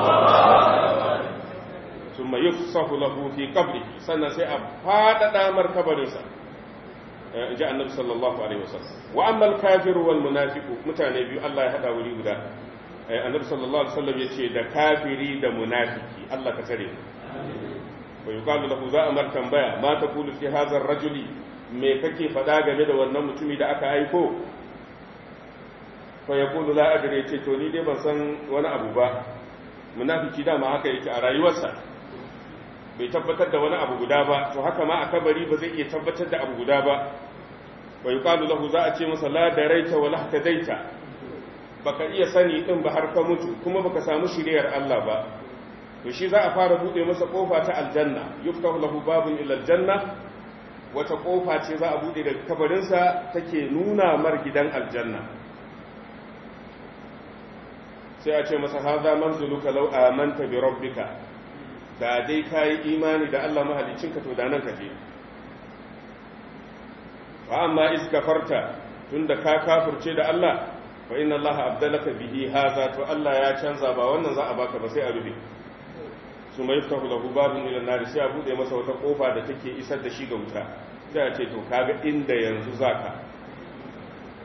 summa yufsahu lahu fi qabri sannan sai a fadada markabarinsa sa eh, ji annabi sallallahu alaihi wasallam wa amma al-kafiru wal munafiqu mutane biyu Allah ya hada wuri guda Eh, annabi sallallahu alaihi wasallam yace da kafiri da munafiki Allah ka tare mu wa yuqalu lahu za amar tambaya ma taqulu fi hadha ar-rajuli me kake fada game da wannan mutumi da aka aiko fa yaqulu la adri yace to ni dai ban san wani abu ba munafiki ma haka yake a rayuwarsa bai tabbatar da wani abu guda ba to haka ma a kabari ba zai iya tabbatar da abu guda ba wa yuqalu lahu za a ce masa la daraita wa la hadaita baka iya sani din ba har ka mutu kuma baka samu shiriyar Allah ba to shi za a fara bude masa kofa ta aljanna yuftahu lahu babun ila aljanna wata kofa ce za a bude daga kabarinsa take nuna mar gidan aljanna sai a ce masa hadha manzuluka law amanta bi rabbika da dai kai imani da Allah ka to da nan ka je fa amma iska farta tunda ka kafurce da Allah fa inna allaha abdalaka bihi hadha to Allah ya canza ba wannan za a baka ba sai a rubi su mai fitahu lahu babun ila nar sai a bude masa wata kofa da take isar da shi ga wuta sai a ce to kaga inda yanzu zaka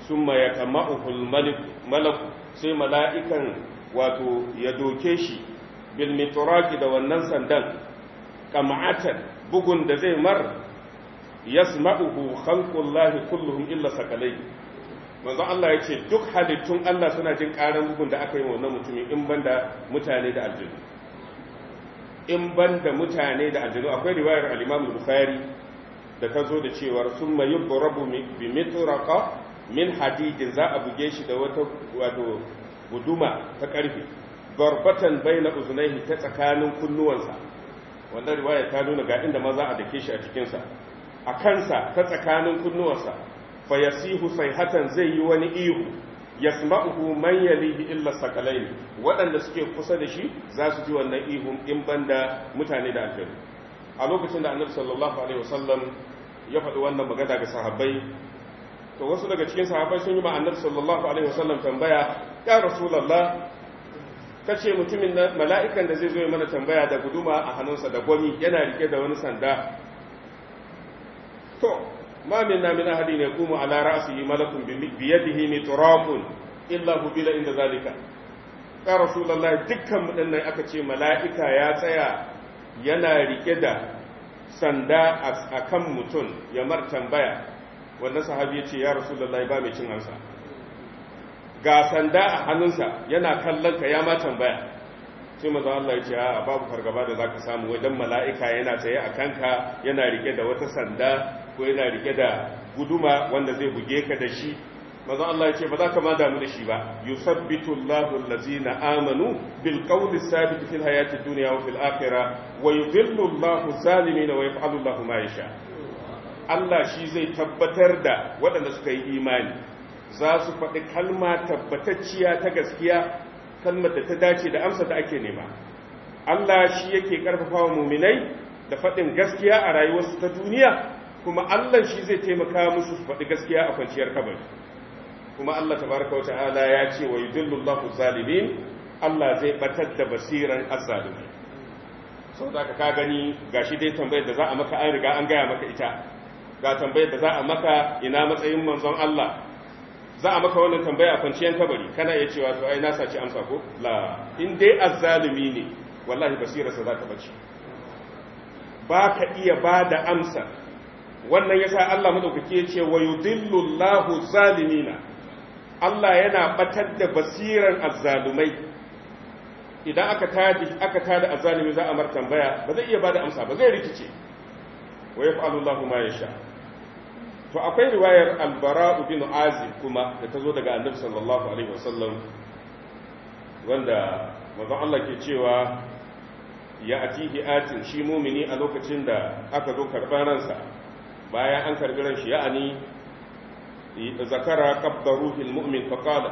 summa yatama'uhu malik malak sai mala'ikan wato ya doke shi bil mitraki da wannan sandan kam'atan bugun da zai mar yasma'uhu khalqullahi kulluhum illa sakalai manzon Allah ya ce duk halittun Allah suna jin karan bugun da aka yi wa wannan mutumin in banda mutane da aljinu in banda mutane da aljinu akwai riwayar al-Imam Bukhari da ta zo da cewar summa yubrabu bi mitraqa min hadidin za a buge shi da wata wato guduma ta karfe barbatan baina uzunaihi ta tsakanin kunnuwansa wannan riwaya ta nuna ga inda maza a dake shi a cikin sa a kansa ta tsakanin kunnuwansa fayasihu sai sayhatan zai yi wani ihu yasma'uhu man yalihi illa sakalaini waɗanda suke kusa da shi za su ji wannan ihun in banda mutane da aljanu a lokacin da annabi sallallahu alaihi wasallam ya faɗi wannan magana ga sahabbai to wasu daga cikin sahabbai sun yi ma annabi sallallahu alaihi wasallam tambaya ya rasulullah kace mutumin da mala'ikan da zai zo mana tambaya da guduma a hannunsa da gwami yana rike da wani sanda to ما منا من ahadin يقوم على رأسه malakun بيده yadihi إلا illa hubila inda zalika ya rasulullahi dukkan mu aka ce mala'ika ya tsaya yana rike da sanda a kan mutum ya mar tambaya wannan sahabi ya ce ya rasulullahi ba mai cin hansa ga sanda a hannunsa yana kallon ka ya ma tambaya sai mazan Allah ya ce a babu fargaba da za ka samu wajen mala'ika yana tsaye a kanka yana rike da wata sanda ko yana rike da guduma wanda zai buge ka da shi mazan Allah ya ce ba za ka ma damu da shi ba yusabbitu Allahu allazina amanu bil qawli sabit fil hayati dunya wa fil akhirah wa yudhillu Allahu zalimina wa yaf'alu Allahu ma yasha Allah shi zai tabbatar da waɗanda suka yi imani za su faɗi kalma tabbatacciya ta gaskiya kalmar da ta dace da amsa da ake nema Allah shi yake karfafa wa muminai da faɗin gaskiya a rayuwarsu ta duniya kuma Allah shi zai taimaka musu su faɗi gaskiya a kwanciyar kabari kuma Allah tabaraka wa ta'ala ya ce wa yudillullahu zalimin Allah zai batar da basiran azzalimi sau da ka gani gashi dai tambayar da za a maka an riga an gaya maka ita ga tambayar da za a maka ina matsayin manzon Allah za a maka wannan tambaya a kwanciyar kabari kana iya cewa to ai na saci amsa ko la in dai azzalimi ne wallahi basirarsa za ta bace ba ka iya ba da amsa wannan ya sa Allah madaukake ya ce wa yudillu Allahu zalimina Allah yana batar da basiran azzalumai idan aka tadi aka tada azzalumi za a mar tambaya ba zai iya da amsa ba zai rikice wa yaf'alu Allahu ma sha. to akwai riwayar al-bara bin azib kuma da ta zo daga annabi sallallahu alaihi wasallam wanda manzon Allah ke cewa ya atihi atin shi mumini a lokacin da aka zo karɓar ransa bayan an karbi ran shi ani zakara qabda ruhil mu'min fa qala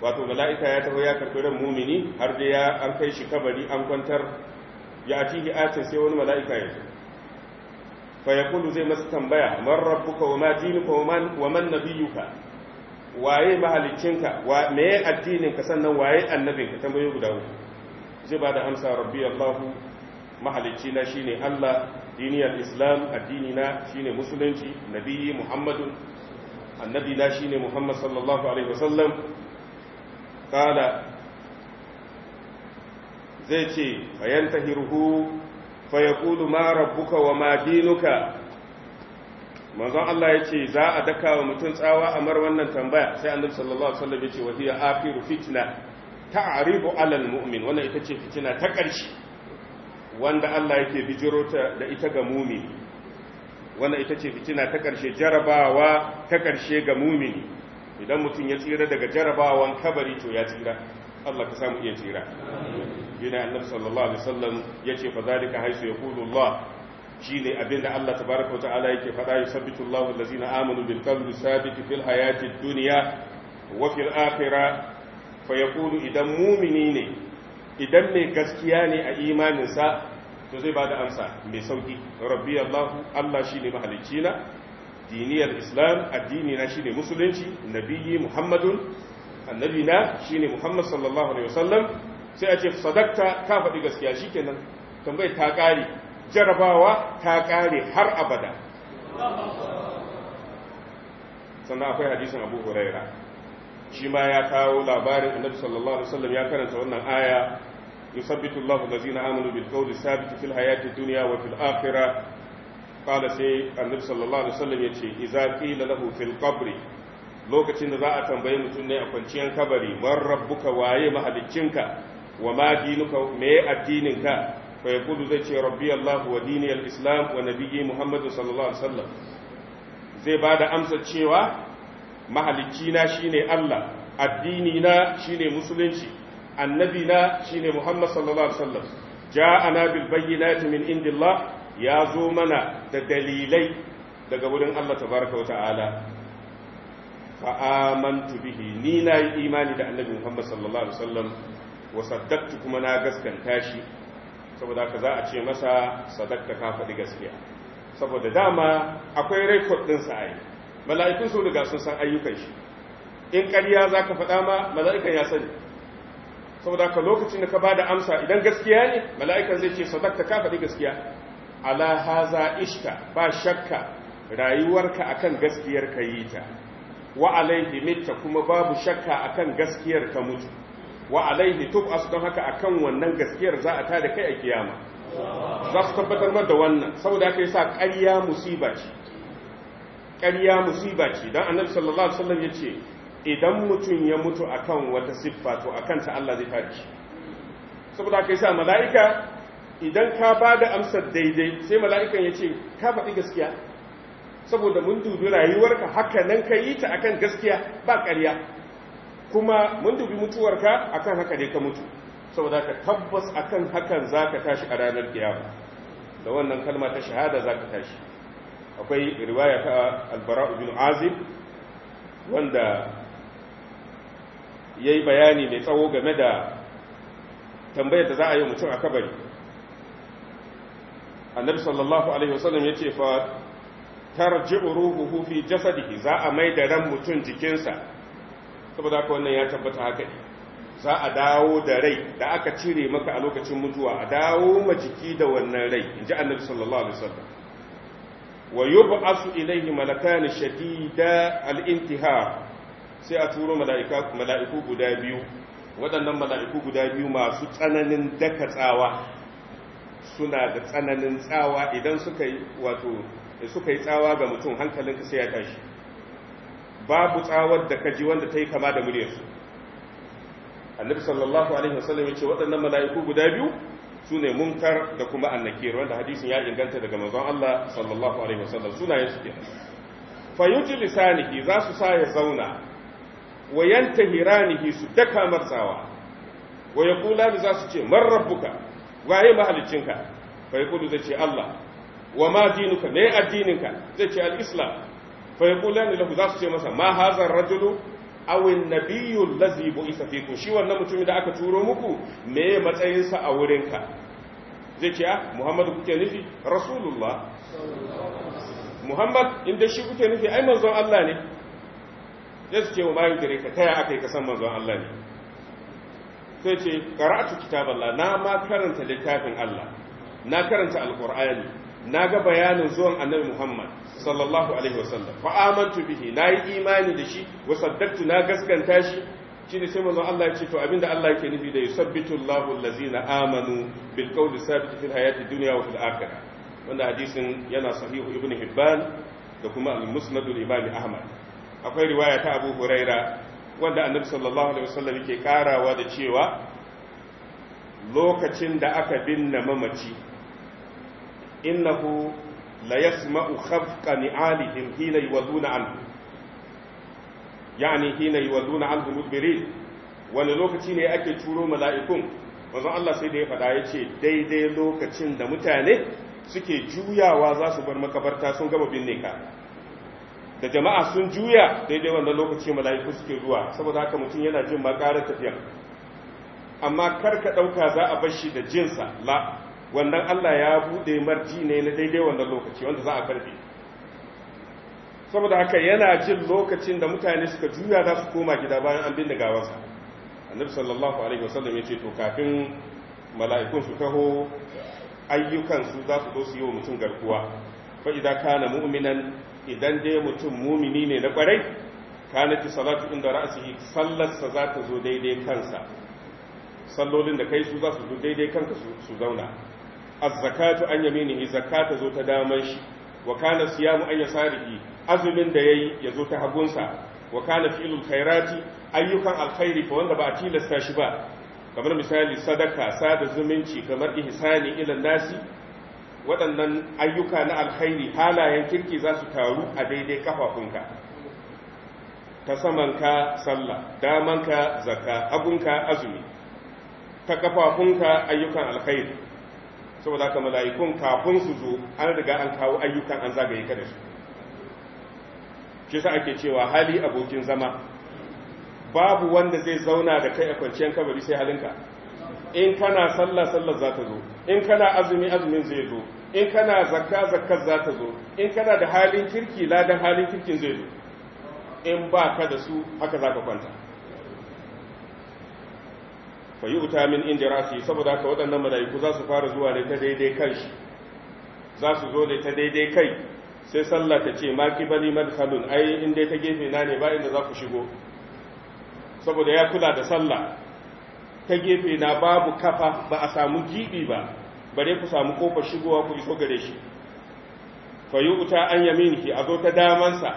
wato mala'ika ya taho ya karbi ran mumini har da ya an kai shi kabari an kwantar ya atihi ace sai wani mala'ika ya zo fayakulu zai masa tambaya man rabbuka wa ma dinuka wa man nabiyuka waye mahalicinka wa meye addininka sannan waye ka tambayoyi guda uku zai bada amsa rabbi Allah mahalicina shine Allah diniyar islam addini na shine musulunci nabi muhammadu annabi na shine muhammad sallallahu alaihi wasallam kala zai ce fayanta hirhu fayakulu ma rabbuka wa ma dinuka manzon Allah yace, za a daka wa mutum tsawa a mar wannan tambaya sai annabi sallallahu alaihi wasallam ya ce wa hiya akhiru fitna ta'ribu alal mu'min wannan ita ce fitina ta ƙarshe wanda Allah yake bijiro da ita ga mumini wannan ita ce fitina ta ƙarshe jarabawa ta ƙarshe ga mumini idan mutum ya tsira daga jarabawan kabari to ya tsira Allah ka samu iya tsira yana annabi sallallahu alaihi wasallam yace fa zalika haisu yaqulu Allah shine abinda Allah tabaaraka ta'ala yake faɗa yusabbitu Allahu allazina amanu bil qawli sabiti fil hayati dunya wa fil akhirah fa yaqulu idan mumini ne idan mai gaskiya ne a imaninsa to zai ba da amsa mai sauki rabbi allahu allah shi ne mahalicci na diniyar islam addini na shi ne musulunci nabiyyi muhammadun annabi na shi ne muhammad sallallahu alaihi wasallam sai a ce sadakta ka faɗi gaskiya shi kenan tambayi ta ƙare jarabawa ta ƙare har abada sannan akwai hadisin abu huraira shi ma ya kawo labarin annabi sallallahu alaihi wasallam ya karanta wannan aya yusabbitu Allahu allazina amanu bil qawli sabit fil hayati dunya wa fil akhirah qala sai annabi sallallahu alaihi wasallam yace idza qila lahu fil qabri lokacin da za a tambaye mutum ne a kwanciyar kabari man rabbuka waye mahaliccinka wa ma dinuka me addininka fa yaqulu zai ce rabbi Allah wa dini al-islam wa nabiyyi Muhammadu sallallahu alaihi wasallam zai bada amsa cewa mahalicci na shine Allah addini na shine musulunci annabi na shine Muhammad sallallahu alaihi wasallam ja'ana bil bayyinati min indillah ya zo mana da dalilai daga wurin Allah tabaraka wa ta'ala fa amantu bihi ni na yi imani da annabi Muhammad sallallahu alaihi wasallam wa saddaqtu kuma na gaskanta shi saboda haka za a ce masa sadaqta ka faɗi gaskiya saboda dama akwai rekod ɗin a mala'ikun sun riga sun san ayyukan shi in ƙarya za ka faɗa ma mala'ikan ya sani saboda ka lokacin da ka ba da amsa idan gaskiya ne mala'ikan zai ce sadakta ka faɗi gaskiya ala haza ishka ba shakka rayuwarka akan gaskiyar ka yi ta wa alaihi mita kuma babu shakka akan gaskiyar ka mutu wa alaihi don haka akan wannan gaskiyar za a tada kai a kiyama za su tabbatar da wannan saboda haka yasa ƙarya musiba ce ƙarya musiba ce don annabi sallallahu alaihi wasallam ya ce idan mutum ya mutu a kan wata siffa to a kanta Allah zai fadi saboda yi sa mala'ika idan ka ba da amsar daidai sai mala'ikan ya ce ka faɗi gaskiya saboda mun dubi rayuwarka haka nan ka yi ta akan gaskiya ba ƙarya kuma mun dubi mutuwarka akan haka ne ka mutu saboda ka tabbas akan hakan za ka tashi a ranar kiyama da wannan kalma ta shahada za ka tashi akwai riwaya ta albara ibn azib wanda yayi bayani mai tsawo game da tambayar da za a yi mutum a kabari annabi sallallahu alaihi wasallam yace fa tarji'u ruhuhu fi jasadihi za a mai da ran mutum jikinsa saboda haka wannan ya tabbata haka ne za a dawo da rai da aka cire maka a lokacin mutuwa a dawo ma jiki da wannan rai inji annabi sallallahu alaihi wasallam wa yub'asu ilayhi malakan shadida al-intihar sai a turo mala'iku guda biyu waɗannan mala'iku guda biyu masu tsananin daka tsawa suna da tsananin tsawa idan suka yi wato suka yi tsawa ga mutum hankalin sai ya tashi babu tsawar da ka kaji wanda ta yi kama da muryarsu annabi sallallahu alaihi wasallam ya ce waɗannan mala'iku guda biyu su ne munkar da kuma annakir wanda hadisin ya inganta daga manzon Allah sallallahu alaihi wasallam sunayen su ke. fa yujlisanihi za su sa ya zauna wa yantahiranihi su daka marsawa wa yaqulani za su ce man rabbuka waye mahaliccinka fa yaqulu zai ce Allah wa ma dinuka me addininka zai ce al-islam fa yaqulani lahu za su ce masa ma hazar rajulu awin nabiyul bu isa fiku shi wannan mutumin da aka turo muku me matsayinsa a wurinka zai ce ah, Muhammadu kuke nufi Rasulullah Muhammad inda shi kuke nufi ai manzon Allah ne zai ce wa bayan gare ka taya aka yi kasan manzon Allah ne sai ce qara'atu kitaballah na ma karanta littafin Allah na karanta alqur'ani na ga bayanin zuwan annabi Muhammad sallallahu alaihi wasallam fa amantu bihi na yi imani da shi wa saddaqtu na gaskanta shi shine sai manzon Allah ya ce to abinda Allah yake nufi da yusabbitu Allahu allazina amanu bil qawli sabit fil hayati dunya wa fil akhirah wannan hadisin yana sahihu ibn Hibban da kuma al-Musnad al-Imam Ahmad akwai riwaya ta Abu Huraira wanda Annabi sallallahu alaihi wasallam yake karawa da cewa lokacin da aka binne mamaci innahu la yasma'u khafqa ni'alihim hina yuwaduna anhu yani hina yuwaduna anhu mudbirin wani lokaci ne ake turo mala'ikun manzon Allah sai da ya faɗa ya ce daidai lokacin da mutane suke juyawa za su bar makabarta sun gama binne ka da jama'a sun juya daidai wannan lokaci mala'iku suke zuwa saboda haka mutum yana jin ma tafiya amma kar ka ɗauka za a bar shi da jinsa la wannan Allah ya bude marji ne na daidai wannan lokaci wanda za a karbe saboda haka yana jin lokacin da mutane suka juya za su koma gida bayan an binne gawarsa annabi sallallahu alaihi wasallam ya ce to kafin mala'ikun su taho ayyukan su za su zo su yi wa mutum garkuwa fa idza kana mu'minan idan dai mutum mumini ne na kwarai ki salatu inda ra'sihi sallarsa za ta zo daidai kansa sallolin da kai su za su zo daidai kanka su zauna Azzakatu zakatu an yaminihi zakata zo ta daman shi wa kana siyamu an yasarihi azumin da yayi yazo ta hagunsa wa kana filul khairati ayyukan alkhairi fa wanda ba a tilasta shi ba kamar misali sadaka sada zumunci kamar ihsani ila nasi waɗannan ayyuka na alkhairi halayen kirki za su taru a daidai kafafunka ta samanka sallah damanka zakka hagunka azumi ta kafafunka ayyukan alkhairi saboda haka mala'ikun kafin su zo an riga an kawo ayyukan an zagaye ka da su shi sa ake cewa hali abokin zama babu wanda zai zauna da kai a kwanciyar kabari sai halinka in kana sallah sallah za ta zo in kana azumi azumin zai zo in kana zakka zakkar za ta zo in kana da halin kirki ladan halin kirkin zai zo in ba ka da su haka za ka kwanta fa yi uta min inda rafi saboda haka waɗannan mala'iku za su fara zuwa ne ta daidai kan shi za su zo ne ta daidai kai sai sallah ta ce ma ki bani madhalun ai in dai ta gefe na ne ba inda za ku shigo saboda ya kula da sallah ta gefe na babu kafa ba a samu gibi ba bare ku samu kofar shigowa ku iso gare shi fa yi uta an yaminki a zo ta damansa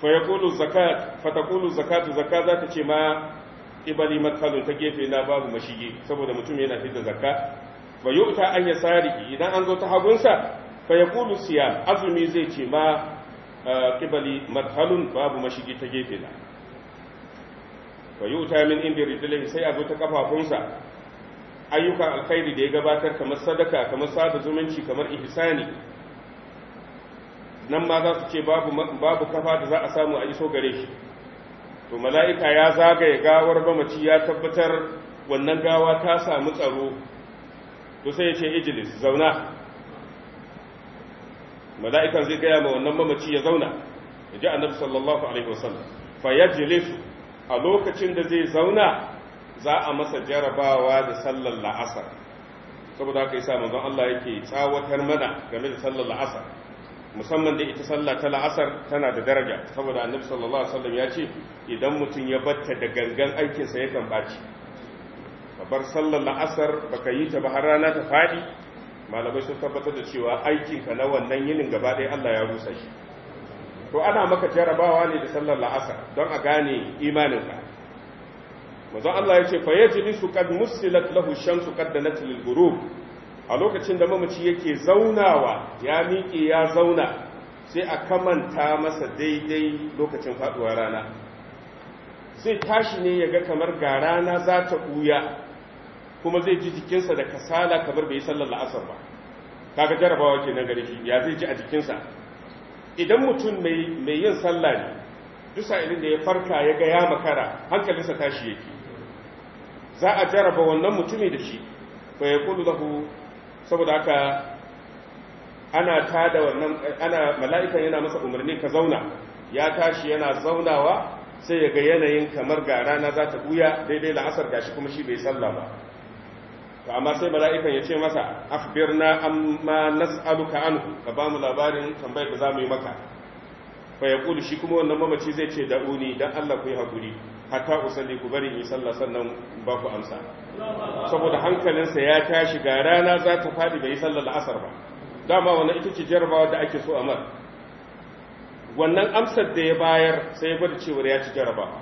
fayakulu zakat fatakulu zakatu zakka za ta ce ma Ƙibali makhalu ta gefe na babu mashige saboda mutum yana fi da zakka fa wuta an yasari idan an zo ta hagunsa fa ya kulu siya azumi zai ce ma qibali ah, makhalun babu mashige ta gefe na fa wuta min inda rijlihi sai a zo ta kafafunsa ayyukan alkhairi da ya gabatar kamar sadaka kamar sada zumunci kamar ihsani nan ma za su ce babu kafa da za a samu a iso gare shi to mala'ika ya zagaye gawar mamaci ya tabbatar wannan gawa ta samu tsaro to sai ya ce ijilis zauna mala'ikan zai gaya ma wannan mamaci ya zauna ya ji annabi sallallahu alaihi wasallam fa yajlis a lokacin da zai zauna za a masa jarabawa da sallar la'asar saboda haka yasa manzon Allah yake tsawatar mana game da sallar la'asar musamman da ita sallah ta la'asar tana da daraja saboda annabi sallallahu alaihi wasallam ya ce idan mutum ya batta da gangan aikinsa yakan baci bar sallar la'asar baka yi ta ba har rana ta fadi malamai sun tabbatar da cewa ka na wannan yinin gaba ɗaya Allah ya rusa shi to ana maka jarabawa ne da sallar la'asar don a gane imaninka manzo Allah ya ce fa yajlisu qad musilat lahu shamsu qad danat lil ghurub a lokacin da mamaci yake zaunawa ya miƙe ya zauna sai a kamanta masa daidai lokacin faɗuwa rana sai tashi ne ya ga kamar ga rana za ta ɓuya kuma zai ji jikinsa da kasala kamar bai sallar la'asar ba kaga jarabawa ke nan gare shi ya zai ji a jikinsa idan mutum mai yin sallah ne dusa irin da ya farka ya ga ya makara hankalinsa tashi yake za a jaraba wannan mutumi da shi fa yaqulu lahu saboda haka ana tada wannan ana mala'ikan yana masa umarni ka zauna ya tashi yana zaunawa sai ya ga yanayin kamar ga rana za ta buya daidai la'asar gashi kuma shi bai sallah ba to amma sai mala'ikan ya ce masa akhbirna amma nas'aluka anhu ka ba mu labarin tambayar da mu yi maka fa yaqulu shi kuma wannan mamaci zai ce da'uni dan Allah ku yi hakuri hatta usalli ku bari in sallah sannan ba ku amsa saboda hankalinsa ya tashi ga rana za ta faɗi bai yi sallar la'asar ba dama wannan ita ce jarabawa da ake so a mar wannan amsar da ya bayar sai ya gwada cewar ya ci jarabawa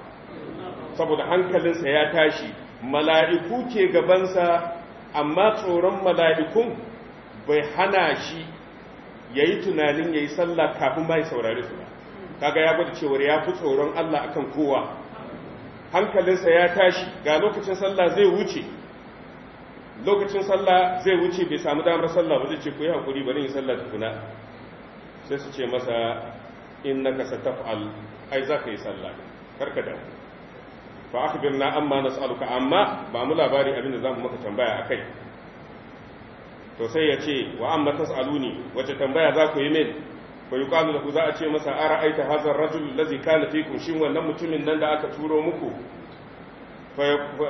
saboda hankalinsa ya tashi mala'iku ke gabansa amma tsoron mala'ikun bai hana shi ya yi tunanin ya yi sallah kafin bai saurari su ba kaga ya gwada cewar ya fi tsoron Allah akan kowa hankalinsa ya tashi ga lokacin sallah zai wuce lokacin sallah zai wuce bai samu damar sallah ba zai ce ku yi haƙuri bari yin sallah tukuna sai su ce masa in na kasa taf'al ai za ka yi sallah karka da fa akhbir na amma nas'aluka amma ba mu labari abin da zamu maka tambaya akai to sai ya ce wa amma tas'aluni wace tambaya za ku yi min fa yuqalu lahu za a ce masa ara'aita hadha ar-rajul allazi kana fikum shin wannan mutumin nan da aka turo muku fa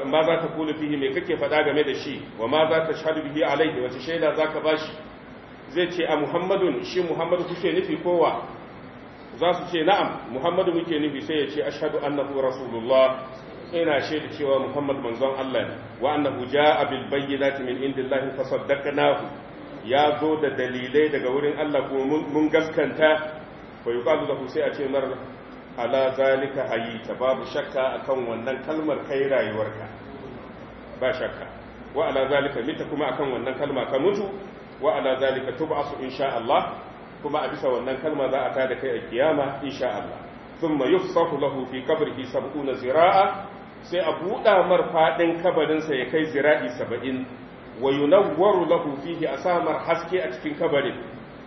ma za ta kula fihi me kake faɗa game da shi wa ma za ta shahadu bihi alaihi wace shaida za ka bashi zai ce a muhammadun shi muhammadu kuke nufi kowa za su ce na'am muhammadu muke nufi sai ya ce ashhadu annahu rasulullah ina shaida cewa muhammad manzon Allah wa annahu ja'a bil bayyinati min indillahi saddaqnahu ya zo da dalilai daga wurin Allah kuma mun gaskanta fa yuqalu da sai a ce mar ala zalika hayita babu shakka akan wannan kalmar kai rayuwarka ba shakka wa ala zalika mita kuma akan wannan kalma ka mutu wa ala zalika tub'asu insha Allah kuma a bisa wannan kalma za a tada kai a kiyama insha Allah thumma yufsahu lahu fi qabrihi 70 zira'a sai a buɗa mar faɗin kabarinsa ya kai zira'i saba'in wa yunawwaru lahu fihi a samar haske a cikin kabarin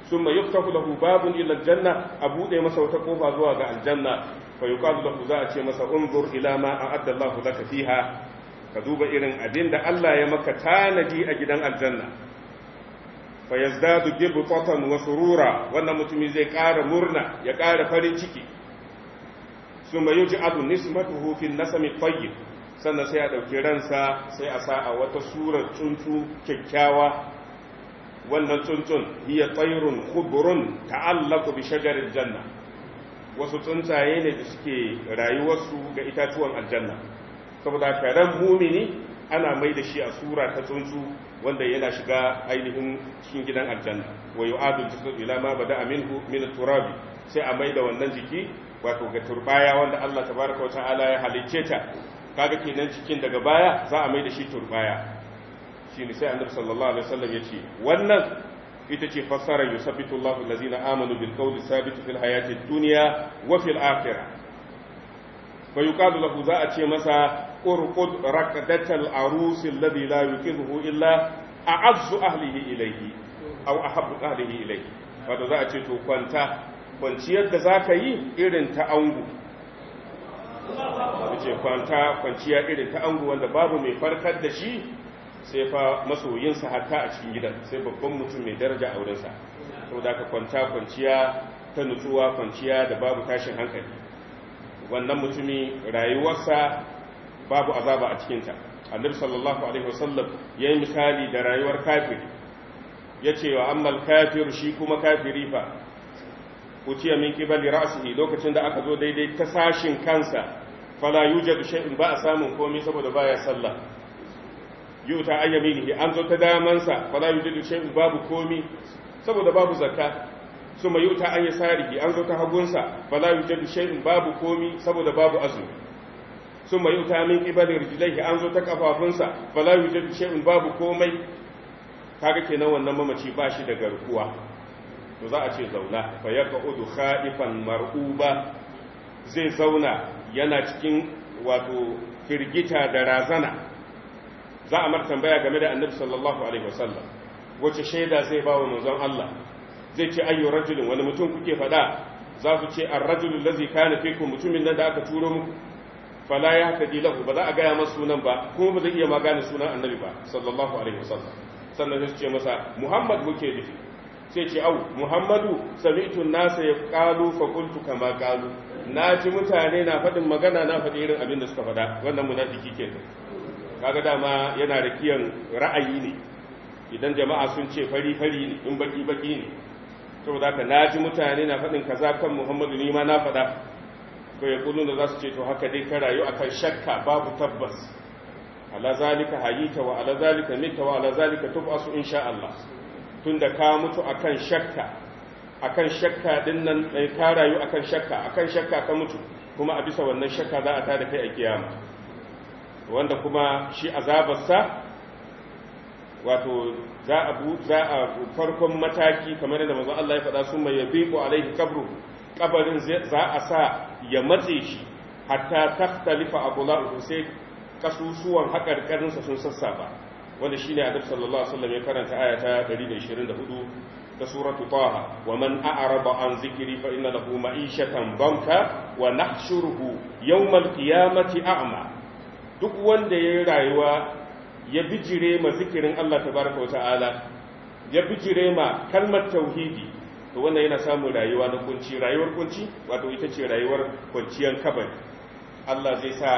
summa yuftahu lahu babun ila aljanna a bude masa wata kofa zuwa ga aljanna fa yuqalu lahu za a ce masa unzur ila ma a'adda Allahu laka fiha ka duba irin abin da Allah ya maka tanadi a gidan aljanna fa yazdadu gibtatan wa surura wannan mutumi zai ƙara murna ya ƙara farin ciki summa yuj'alu nismatuhu fil nasami tayyib sannan sai a ɗauki ransa sai a sa a wata surar tsuntsu kyakkyawa wannan tsuntsun iya tsairun kuburun ta'allaku bi shagarin janna wasu tsuntsaye ne da suke rayuwarsu ga itatuwan aljanna saboda karen mumini ana mai da shi a sura ta tsuntsu wanda yana shiga ainihin cikin gidan aljanna wa adon jisu ilama ma da minhu min turabi sai a mai da wannan jiki wato ga turbaya wanda Allah tabaraka wata ala ya halicce ta kaga kenan cikin daga baya za a mai da shi turbaya shi sai annabi sallallahu alaihi wasallam ya ce wannan ita ce fassarar yusabbitu Allahu allazina amanu bil qawli sabit fil hayati dunya wa fil akhirah fa yuqalu lahu za a ce masa urqud raqdatal arus alladhi la yuqidhu illa a'azzu ahlihi ilayhi aw ahabbu ahlihi ilayhi wato za a ce to kwanta kwanciyar da zaka yi irin ta angu ce kwanta kwanciya irin ta angu wanda babu mai farkar da shi sai fa masoyinsa hatta a cikin gidan sai babban mutum mai daraja a wurinsa da ka kwanta kwanciya ta nutsuwa kwanciya da babu tashin hankali wannan mutumi rayuwarsa babu azaba a cikinta annabi sallallahu alaihi wasallam ya yi misali da rayuwar kafiri ya ce wa ammal kafiru shi kuma kafiri fa utiya min kibali ra'sihi lokacin da aka zo daidai ta sashin kansa fala yujadu shay'in ba a samun komai saboda baya sallah yuta ayyaminihi an zo ta damansa fala yujadu shay'in babu komai saboda babu zakka suma yuta an yasarihi an zo ta hagunsa fala yujadu shay'in babu komai saboda babu azumi suma yuta min kibali rijlaihi an zo ta kafafunsa fala yujadu shay'in babu komai kaga kenan wannan mamaci ba shi da garkuwa to za a ce zauna fa yaq'udu khaifan mar'uba zai zauna yana cikin wato firgita da razana za a martan tambaya game da annabi sallallahu alaihi wasallam wace shaida zai ba wa manzon Allah zai ce ayyu rajulin wani mutum kuke fada za su ce ar-rajulul allazi kana fikum mutumin nan da aka turo muku fala ya tadi lahu ba za a gaya masa sunan ba kuma ba zai iya magana sunan annabi ba sallallahu alaihi wasallam sannan sai ce masa muhammad muke nufi sai ce au muhammadu sami'tu nasa ya kalu fa kama kalu na ji mutane na faɗin magana na faɗi irin abin da suka faɗa wannan munafiki kenan kaga dama yana da kiyan ra'ayi ne idan jama'a sun ce fari fari ne in baki baki ne saboda ka na ji mutane na faɗin kaza kan muhammadu ni ma na faɗa to ya kulu da za su ce to haka dai ka rayu akan shakka babu tabbas ala zalika hayita wa ala zalika mita wa ala zalika tub'asu insha Allah tunda ka mutu akan shakka akan shakka din nan eh, ka rayu akan shakka akan shakka ka mutu kuma a bisa wannan shakka za a tada kai a kiyama wanda kuma shi azabarsa wato za a za a farkon mataki kamar yadda manzo Allah ya faɗa sun mai yabiqu alaihi qabru kabarin za a sa ya matse shi hatta taftalifa abula'uhu sai kasusuwan haƙarƙarinsa sun sassafa wanda shine annabi sallallahu alaihi wasallam ya karanta ayata 124 ta suratu taha wa man a'raba an zikri fa inna lahu ma'ishatan banka wa nahshuruhu yawmal qiyamati a'ma duk wanda ya rayuwa ya bijire ma zikirin Allah tabaraka wa ta'ala ya bijire ma kalmar tauhidi to wannan yana samun rayuwa na kunci rayuwar kunci wato ita ce rayuwar kwanciyar kabari Allah zai sa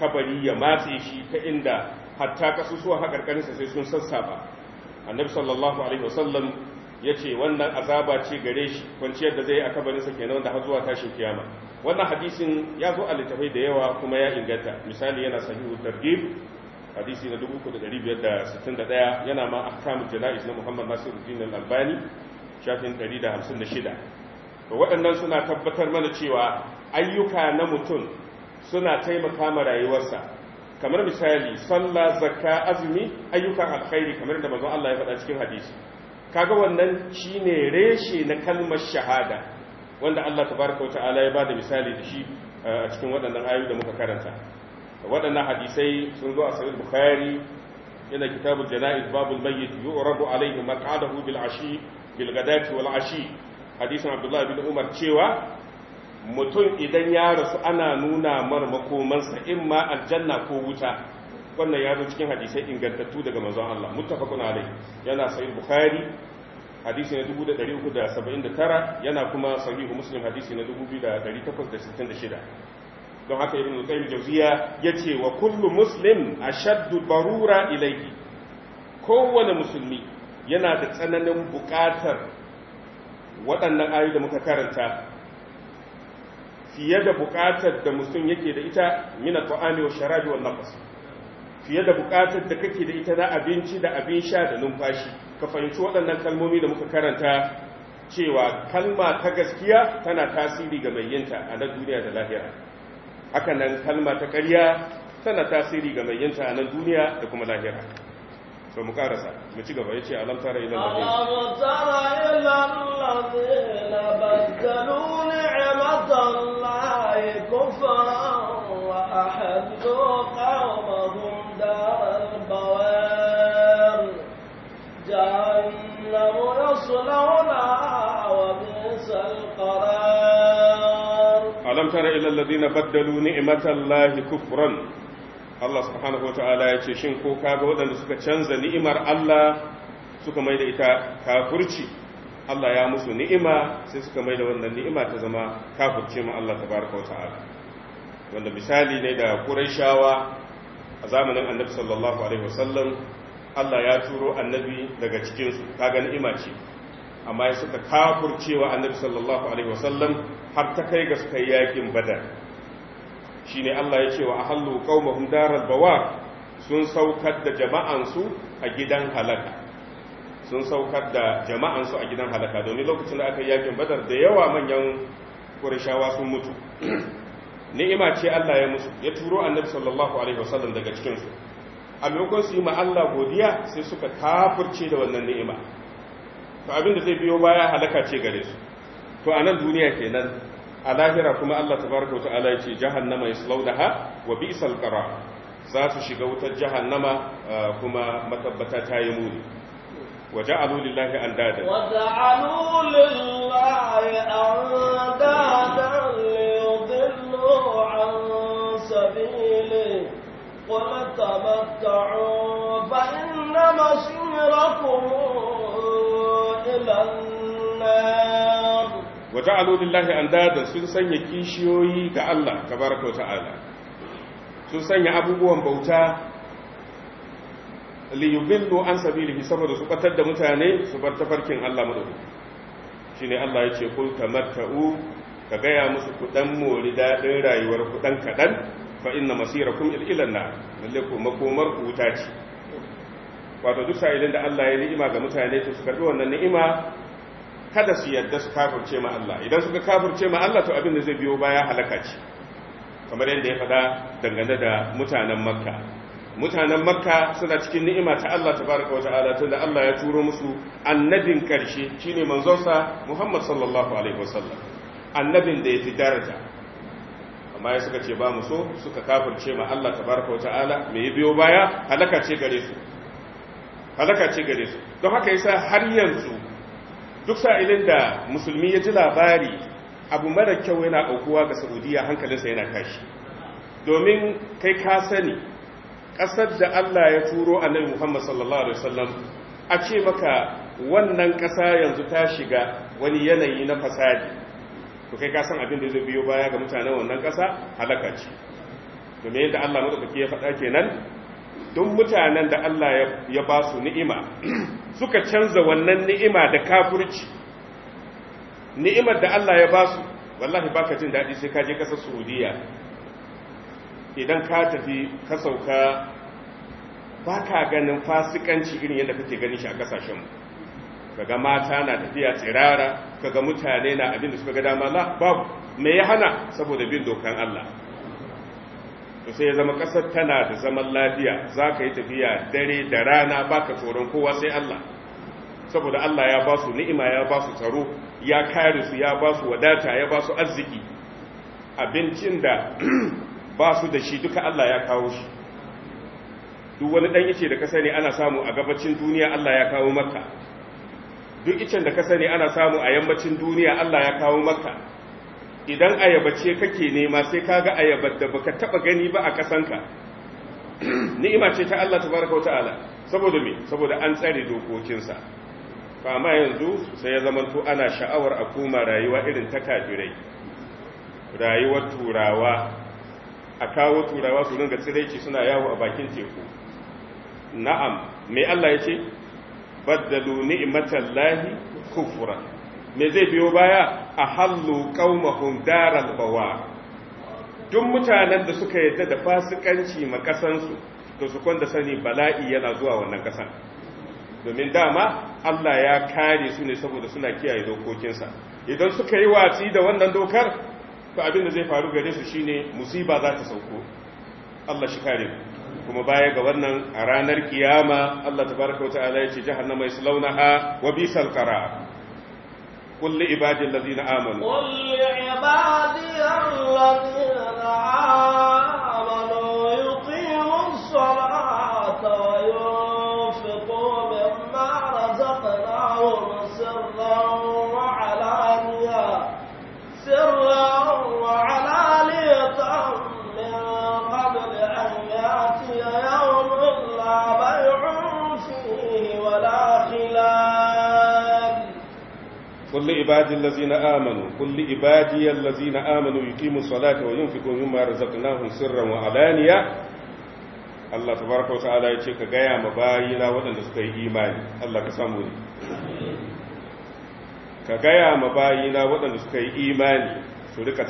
kabari ya matse shi ta inda hatta kasusuwan haƙarƙarinsa sai sun sassafa annabi sallallahu alaihi wasallam ya ce wannan azaba ce gare shi kwanciyar da zai yi a kabarinsa kenan wanda har zuwa tashin kiyama wannan hadisin ya zo a littafai da yawa kuma ya inganta misali yana sahihu targhib hadisi na 3561 yana ma ahkamul janaiz na Muhammad Nasiruddin Al-Albani shafin 156 to waɗannan suna tabbatar mana cewa ayyuka na mutum suna taimaka ma rayuwarsa kamar misali sallah zakka azumi ayyukan alkhairi kamar da manzon Allah ya faɗa cikin hadisi kaga wannan shine reshe na kalmar shahada wanda Allah tabaraka wata'ala ya bada misali da shi eh, a cikin waɗannan ayoyi da muka karanta waɗannan hadisai sun zo a sahih bukhari yana kitabul janaiz babul mayyit yu'rabu alayhi maq'adahu bil ashi bil ghadati wal ashi hadisin abdullahi bin umar cewa mutum idan ya rasu ana nuna mar makomansa in ma aljanna ko wuta wannan ya zo cikin hadisai ingantattu daga manzon Allah muttafaqun alai yana sahih bukhari hadisi na 1379 yana kuma sahih muslim hadisi na 2866 don haka ibn al-qayyim jawziya yace wa kullu muslim ashaddu barura ilayhi kowane musulmi yana da tsananin bukatar waɗannan ayoyi da muka karanta fiye da buƙatar da mutum yake da ita mina ta'ami wa sharabi wa nafas fiye da buƙatar da kake da ita na abinci da abin sha da numfashi ka fahimci waɗannan kalmomi da muka karanta cewa kalma ta gaskiya tana tasiri ga mai yinta a nan duniya da lahira haka nan kalma ta ƙarya tana tasiri ga mai yinta a nan duniya da kuma lahira to mu karasa mu ci gaba yace alam tara ila ladina alam tara ila ni'matan مصرا وأحلوا قومهم دار البوار جهنم يصلونها وبئس القرار ألم تر إلى الذين بدلوا نعمة الله كفرا Allah subhanahu wa ta'ala ya ce, Shin ko kaga waɗanda suka canza ni'imar Allah suka mai da ita kafurci, Allah ya musu ni'ima sai suka mai da wannan ni'ima ta zama kafurce ma Allah ta baraka wa ta'ala. wanda misali ne da ƙurashawa a zamanin annabi sallallahu alaihi wasallam Allah ya turo annabi daga cikinsu ta gani imaci amma ya suka kafurcewa annabi sallallahu alaihi wasallam har ta kai ga suka yi yakin badar shine Allah ya ce wa ahallu qaumahum daral bawa sun saukar da jama'ansu a gidan halaka sun saukar da jama'ansu a gidan halaka domin lokacin da aka yi yakin badar da yawa manyan ƙurashawa sun mutu ni'ima ce Allah ya musu ya turo annabi sallallahu alaihi wasallam daga cikin su a maimakon su yi ma Allah godiya sai suka kafirce da wannan ni'ima to abin da zai biyo baya halaka ce gare su to a nan duniya kenan a lahira kuma Allah tabaraka wa ta'ala ya ce jahannama yaslaudaha wa bi'sal qarar za su shiga wutar jahannama kuma matabbata ta yi muni وجعلوا لله أندادا وجعلوا لله أندادا قل تمتعوا فإن مصيركم إلى النار وجعلوا لله أندادا sun sanya kishiyoyi ga Allah ka wa ta'ala sun sanya abubuwan bauta liyubillu an lihi saboda su batar da mutane su bar tafarkin Allah shi ne Allah yace kul tamatta'u ka gaya musu ku dan mori dadin rayuwar ku dan kadan fa inna masirakum ila na, nar makomar ku wuta ce wato duk sa'ilin da Allah ya ni'ima ga mutane to su karbi wannan ni'ima kada su yadda su kafirce ma Allah idan suka kafirce ma Allah to abin da zai biyo baya halaka ce kamar yadda ya faɗa dangane da mutanen Makka mutanen Makka suna cikin ni'ima ta Allah tabaraka wata'ala tunda Allah ya turo musu annabin karshe shine manzon Muhammad sallallahu alaihi wasallam annabin da ya fi daraja amma suka ce ba mu so suka kafirce ma Allah tabaraka wata'ala me ya biyo baya halaka ce gare su halaka ce gare su don haka yasa har yanzu duk sa'ilin da musulmi ya ji labari abu mara kyau yana aukuwa ga Saudiya hankalinsa yana tashi domin kai ka sani ƙasar da Allah ya turo annabi Muhammad sallallahu alaihi wasallam a ce maka wannan ƙasa yanzu ta shiga wani yanayi na fasadi to kai ka san abin da zai biyo baya ga mutanen wannan ƙasa halaka ce domin yadda Allah madaukaki ya faɗa kenan duk mutanen da Allah ya ba su ni'ima suka canza wannan ni'ima da kafirci ni'imar da Allah ya ba su wallahi baka jin daɗi sai ka je ƙasar Saudiya idan ka tafi ka sauka baka ganin fasikanci irin yadda kake ganin shi a ƙasashenmu kaga mata na tafiya tsirara kaga mutane na abin da suka ga dama la babu me ya hana saboda bin dokan Allah to sai ya zama kasar tana da zaman lafiya zaka yi tafiya dare da rana baka tsoron kowa sai Allah saboda Allah ya ba su ni'ima ya ba su tsaro ya kare su ya ba su wadata ya ba su arziki abincin da ba su da shi duka Allah ya kawo shi duk wani dan yace da ka sani ana samu a gabacin duniya Allah ya kawo maka duk icen da ka sani ana samu a yammacin duniya Allah ya kawo maka idan ayabace kake nema sai ka ga ayabar da baka taba gani ba a kasanka ni'ima ce ta Allah tabaraka wataala saboda me saboda an tsare dokokinsa fa amma yanzu sai ya zamanto ana sha'awar a koma rayuwa irin ta kafirai rayuwar turawa a kawo turawa su ringa tsiraici suna yawo a bakin teku na'am me Allah ya ce baddalu ni'matan lahi kufra me zai biyo baya a hallu qaumahum daral bawa duk mutanen da suka yadda da fasikanci ma su to su kwanda sani bala'i yana zuwa wannan kasan domin dama Allah ya kare su ne saboda suna kiyaye dokokinsa idan suka yi watsi da wannan dokar to abin da zai faru gare su shine musiba za ta sauko Allah shi kare mu kuma baya ga wannan a ranar kiyama Allah tabaraka wata'ala ya ce jahannama yaslaunaha wa bisal qarar qul li ibadi alladhina amanu qul li ibadi alladhina amanu yuqimus salata قل لعبادي الذين آمنوا قل لعبادي الذين آمنوا يقيموا الصلاة وينفقوا مما رزقناهم سرا وعلانية Allah تبارك وتعالى ya ce ka gaya ma bayina waɗanda suka yi imani Allah ka samu ne ka gaya ma bayina waɗanda suka yi imani su rika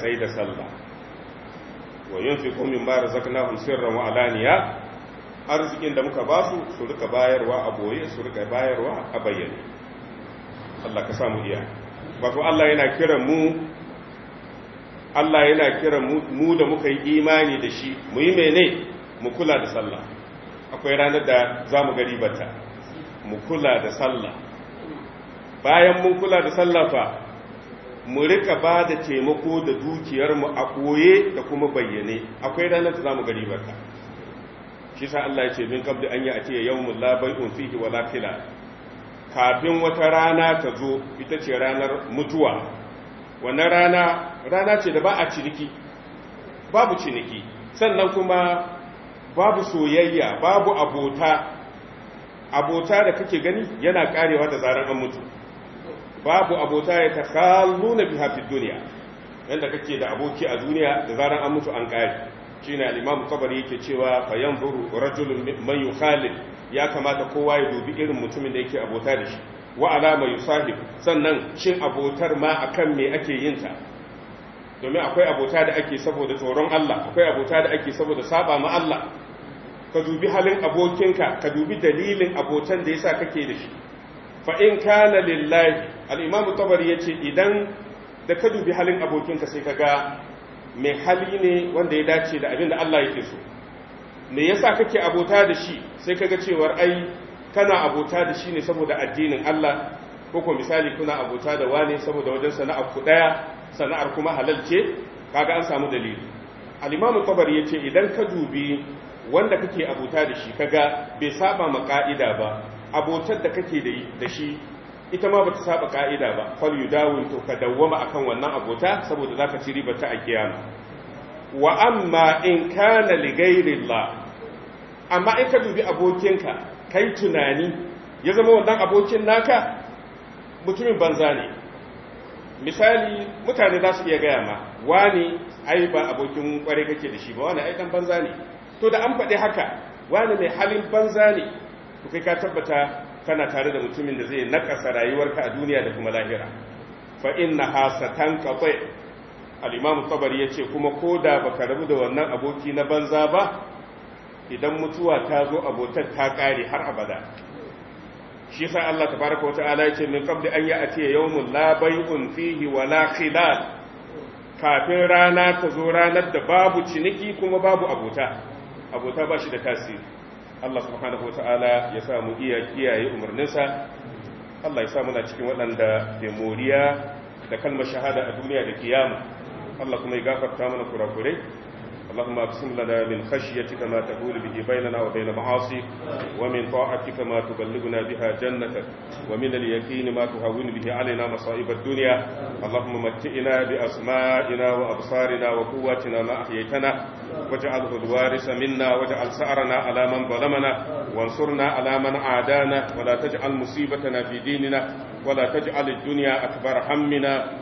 arzikin da muka basu su rika bayarwa a boye su rika bayarwa a bayyane Allah ka samu iya wato Allah yana kiran mu Allah yana kiran mu da muka yi imani da shi mu yi mene mu kula da sallah akwai ranar da za mu gari bata mu kula da sallah bayan mun kula da sallah fa mu rika ba da taimako da dukiyarmu a koye da kuma bayyane akwai ranar da za mu gari bata shi sa Allah ya ce min kabli an yi a ce yawon mulla bai'un fihi wala khilal kafin wata rana ta zo ita ce ranar mutuwa wannan rana rana ce da ba a ciniki babu ciniki sannan kuma babu soyayya babu abota abota da kake gani yana karewa da zarar an mutu babu abota ya ta na biha fi duniya yanda kake da aboki a duniya da zarar an mutu an kare shine al-imam tabari yake cewa fa yanzuru rajulun man ya kamata kowa ya dubi irin mutumin da yake abota da shi wa alama yusahib sannan shin abotar ma akan me ake yin ta domin akwai abota da ake saboda tsoron Allah akwai abota da ake saboda saba ma Allah ka dubi halin abokinka ka dubi dalilin abotan da yasa kake da shi fa in kana lillahi al-imam tabari yace idan da ka dubi halin abokinka sai kaga mai hali ne wanda ya dace da abin da Allah yake so me yasa kake abota da shi sai kaga cewar ai kana abota da shi ne saboda addinin Allah ko ko misali kuna abota da wane saboda wajen sana'ar ku daya sana'ar kuma halal ce kaga an samu dalili al-imamu tabari yace idan ka dubi wanda kake abota da shi kaga bai saba ma ka'ida ba abotar da kake da shi ita ma bata saba ka'ida ba fal yudawin to ka dawwama akan wannan abota saboda zaka ci riba ta a kiyama wa amma in kana li amma in ka dubi abokinka kai tunani ya zama wannan abokin naka mutumin banza ne misali mutane za su iya gaya ma wani ai ba abokin kware kake da shi ba wani ai dan banza ne to da an faɗi haka wani mai halin banza ne to kai ka tabbata kana tare da mutumin da zai nakasa rayuwarka a duniya da kuma lahira fa inna hasatan qati al-imam tabari yace kuma koda baka rabu da wannan aboki na banza ba idan mutuwa ta zo abotar ta kare har abada shi sa Allah ta tabaraka wa ya ce min qabli an ya'ti yawmun la bay'un fihi wa la kafin rana ta zo ranar da babu ciniki kuma babu abota abota ba shi da tasiri Allah subhanahu wa ta'ala ya samu iya kiyaye umarninsa Allah ya sa muna cikin waɗanda demoriya moriya da kalmar shahada a duniya da kiyama Allah kuma ya gafarta mana kurakurai اللهم اقسم لنا من خشيتك ما تقول به بيننا وبين معاصيك ومن طاعتك ما تبلغنا بها جنتك ومن اليقين ما تهون به علينا مصائب الدنيا اللهم متئنا بأسمائنا وأبصارنا وقواتنا ما أحييتنا واجعله الوارث منا واجعل سعرنا على من ظلمنا وانصرنا على من عادانا ولا تجعل مصيبتنا في ديننا ولا تجعل الدنيا أكبر همنا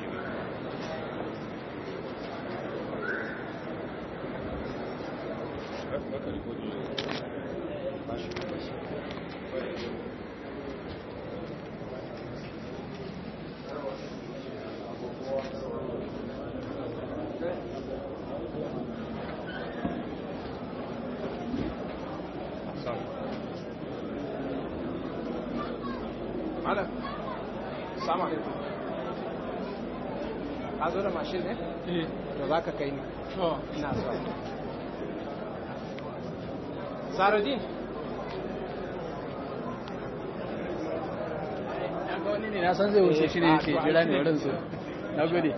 haka kai ni ina so. sarudin na ga wani ne na san zai wuce shi ne yake jira ne wurin su na gode